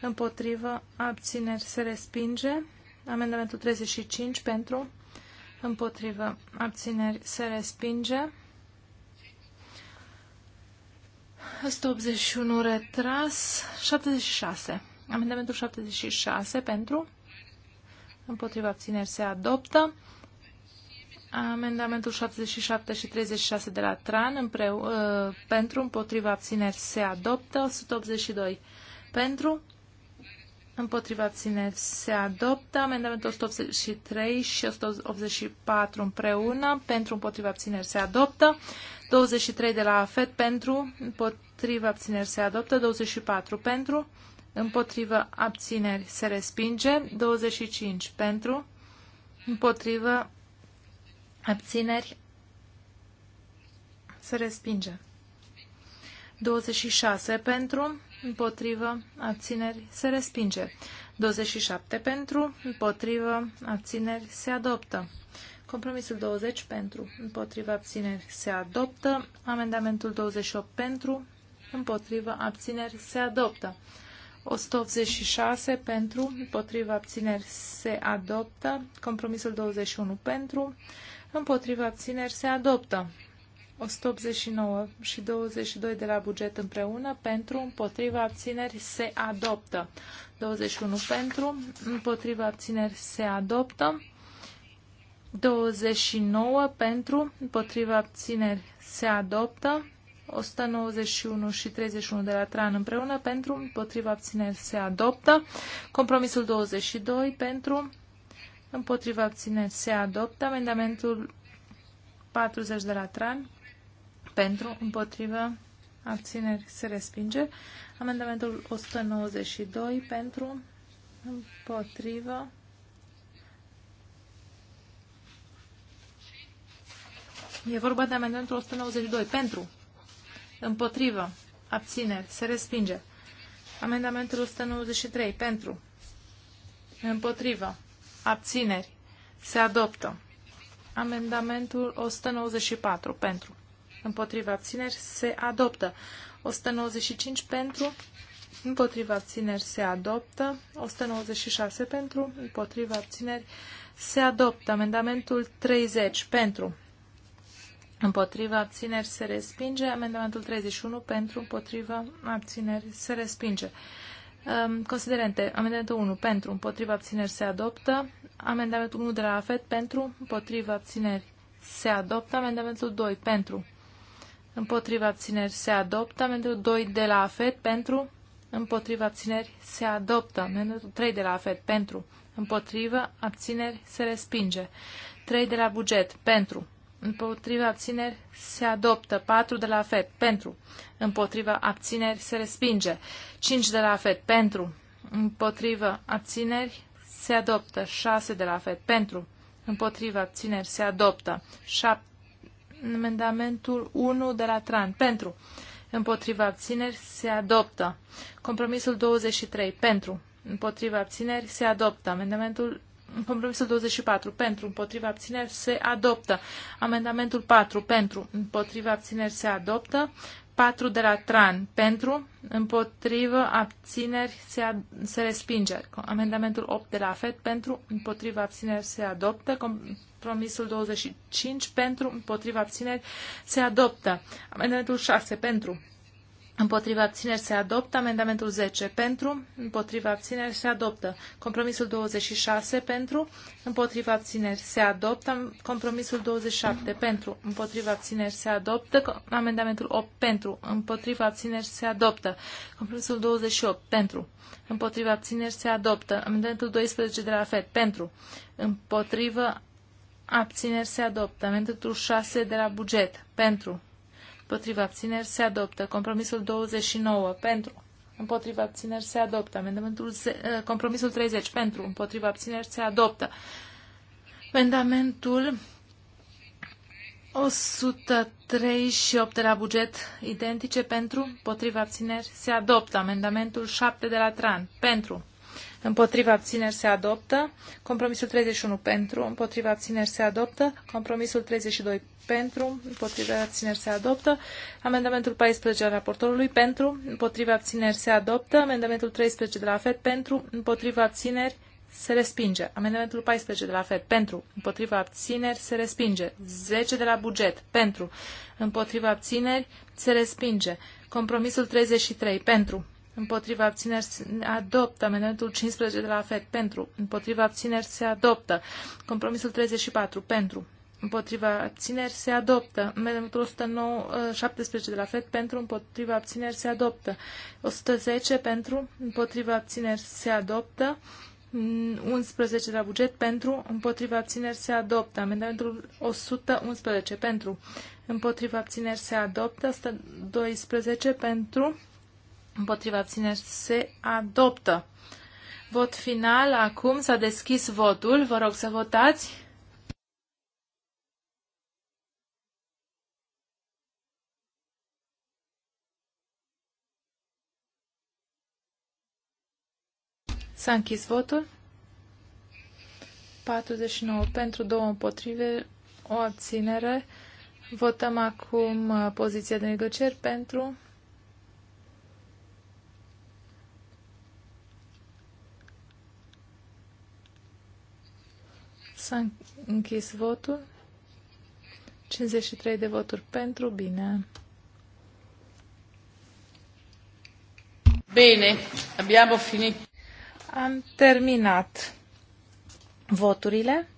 împotrivă, abțineri, se respinge. Amendamentul 35 pentru, împotrivă, abțineri, se respinge. 181 retras, 76. Amendamentul 76 pentru, împotrivă, abțineri se adoptă. Amendamentul 77 și 36 de la TRAN împreu, ă, pentru, împotriva abțineri se adoptă. 182 pentru, împotriva abțineri se adoptă. Amendamentul 183 și 184 împreună pentru, împotriva abțineri se adoptă. 23 de la AFET pentru, împotriva abțineri se adoptă. 24 pentru, împotriva abțineri se respinge. 25 pentru, împotriva Abțineri. Se respinge. 26 pentru, împotrivă, abțineri, se respinge. 27 pentru, împotrivă, abțineri, se adoptă. Compromisul 20 pentru, împotrivă, abțineri, se adoptă. Amendamentul 28 pentru, împotrivă, abțineri, se adoptă. 186 pentru, împotrivă, abțineri, se adoptă. Compromisul 21 pentru, împotriva abțineri se adoptă. 189 și 22 de la buget împreună, pentru, împotriva abțineri se adoptă. 21 pentru, împotriva abțineri se adoptă. 29 pentru, împotriva abțineri se adoptă. 191 și 31 de la Tran împreună pentru, împotriva abțineri se adoptă. Compromisul 22 pentru, Împotriva abțineri se adoptă. Amendamentul 40 de la Tran. Pentru. Împotriva abțineri se respinge. Amendamentul 192 pentru. Împotriva. E vorba de amendamentul 192. Pentru. Împotrivă. Abțineri. Se respinge. Amendamentul 193. Pentru. Împotrivă. Abțineri. Se adoptă. Amendamentul 194 pentru. Împotriva abțineri se adoptă. 195 pentru. Împotriva abțineri se adoptă. 196 pentru. Împotriva abțineri se adoptă. Amendamentul 30 pentru. Împotriva abțineri se respinge. Amendamentul 31 pentru. Împotriva abțineri se respinge. Considerente. Amendamentul 1 pentru. Împotriva abțineri se adoptă. Amendamentul 1 de la AFET pentru, împotriva abțineri se adoptă. Amendamentul 2 pentru, împotriva abțineri se adoptă. Amendamentul 2 de la AFET pentru, împotriva abțineri se adoptă. Amendamentul 3 de la AFET pentru, împotriva abțineri se respinge. 3 de la buget pentru, Împotriva abțineri se adoptă. 4 de la afet Pentru. Împotriva abțineri se respinge. 5 de la afet Pentru. Împotriva abțineri se adoptă. 6 de la FED pentru, împotriva abțineri se adoptă. 7, amendamentul 1 de la TRAN pentru, împotriva abțineri se adoptă. Compromisul 23 pentru, împotriva abțineri se adoptă. Amendamentul Compromisul 24 pentru, împotriva abțineri se adoptă. Amendamentul 4 pentru, împotriva abțineri se adoptă. 4 de la Tran. Pentru, împotrivă, abțineri, se, ad- se respinge. Amendamentul 8 de la FED. Pentru, împotrivă, abțineri, se adoptă. Compromisul 25. Pentru, împotrivă, abțineri, se adoptă. Amendamentul 6. Pentru, Împotriva abțineri se adoptă. Amendamentul 10 pentru. Împotriva abțineri se adoptă. Compromisul 26 pentru. Împotriva abțineri se adoptă. Compromisul 27 pentru. Împotriva abțineri se adoptă. Amendamentul 8 pentru. Împotriva abțineri se adoptă. Compromisul 28 pentru. Împotriva abțineri se adoptă. Amendamentul 12 de la FED pentru. Împotriva abțineri se adoptă. Amendamentul 6 de la buget pentru împotriva abțineri se adoptă. Compromisul 29 pentru, împotriva abțineri se adoptă. Amendamentul ze- eh, compromisul 30 pentru, împotriva abțineri se adoptă. Amendamentul 103 și 8 de la buget identice pentru, împotriva abțineri se adoptă. Amendamentul 7 de la TRAN pentru, împotriva abțineri se adoptă, compromisul 31 pentru, împotriva abțineri se adoptă, compromisul 32 pentru, împotriva abțineri se adoptă, amendamentul 14 al raportorului pentru, împotriva abțineri se adoptă, amendamentul 13 de la FED pentru, împotriva abțineri se respinge. Amendamentul 14 de la FED pentru, împotriva abțineri se respinge. 10 de la buget pentru, împotriva abțineri se respinge. Compromisul 33 pentru, împotriva abțineri se adoptă. Amendamentul 15 de la FED pentru, împotriva abțineri se adoptă. Compromisul 34 pentru, împotriva abțineri se adoptă. Amendamentul 117 de la FED pentru, împotriva abțineri se adoptă. 110 pentru, împotriva abțineri se adoptă. 11 de la buget pentru, împotriva abțineri se adoptă. Amendamentul 111 pentru, împotriva abțineri se adoptă. 112 pentru, împotriva abțineri se adoptă. Vot final, acum s-a deschis votul, vă rog să votați. S-a închis votul. 49 pentru, 2 împotrive, o abținere. Votăm acum uh, poziția de negocieri pentru, S-a închis votul. 53 de voturi pentru, bine. Bine, abbiamo finit. Am terminat voturile.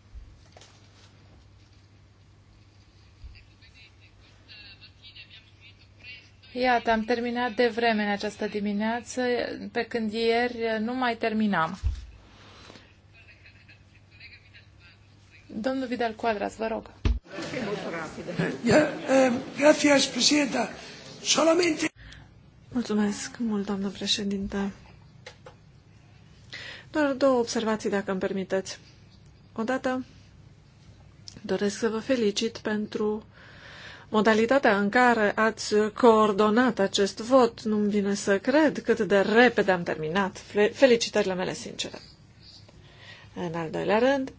Iată, am terminat de vreme în această dimineață, pe când ieri nu mai terminam. Domnul Vidal Cuadras, vă rog. Eh, gracias, presidenta. Solamente... Mulțumesc mult, doamnă președinte. Doar două observații, dacă îmi permiteți. Odată, doresc să vă felicit pentru modalitatea în care ați coordonat acest vot. Nu-mi vine să cred cât de repede am terminat. Felicitările mele sincere. În al doilea rând,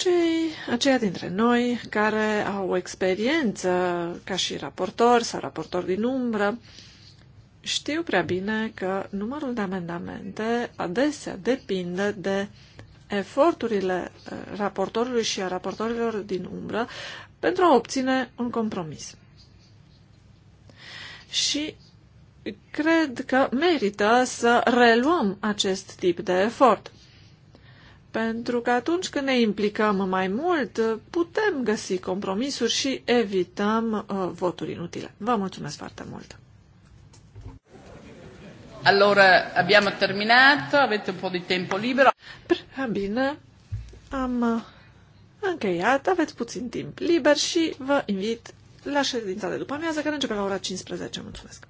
cei, aceia dintre noi care au experiență ca și raportor sau raportor din umbră, știu prea bine că numărul de amendamente adesea depinde de eforturile uh, raportorului și a raportorilor din umbră pentru a obține un compromis. Și cred că merită să reluăm acest tip de efort. Pentru că atunci când ne implicăm mai mult, putem găsi compromisuri și evităm uh, voturi inutile. Vă mulțumesc foarte mult! Allora, abbiamo terminato, avete un po' di tempo libero. Prea bine, am uh, încheiat, aveți puțin timp liber și vă invit la ședința de după amiază, care începe la ora 15. Mulțumesc!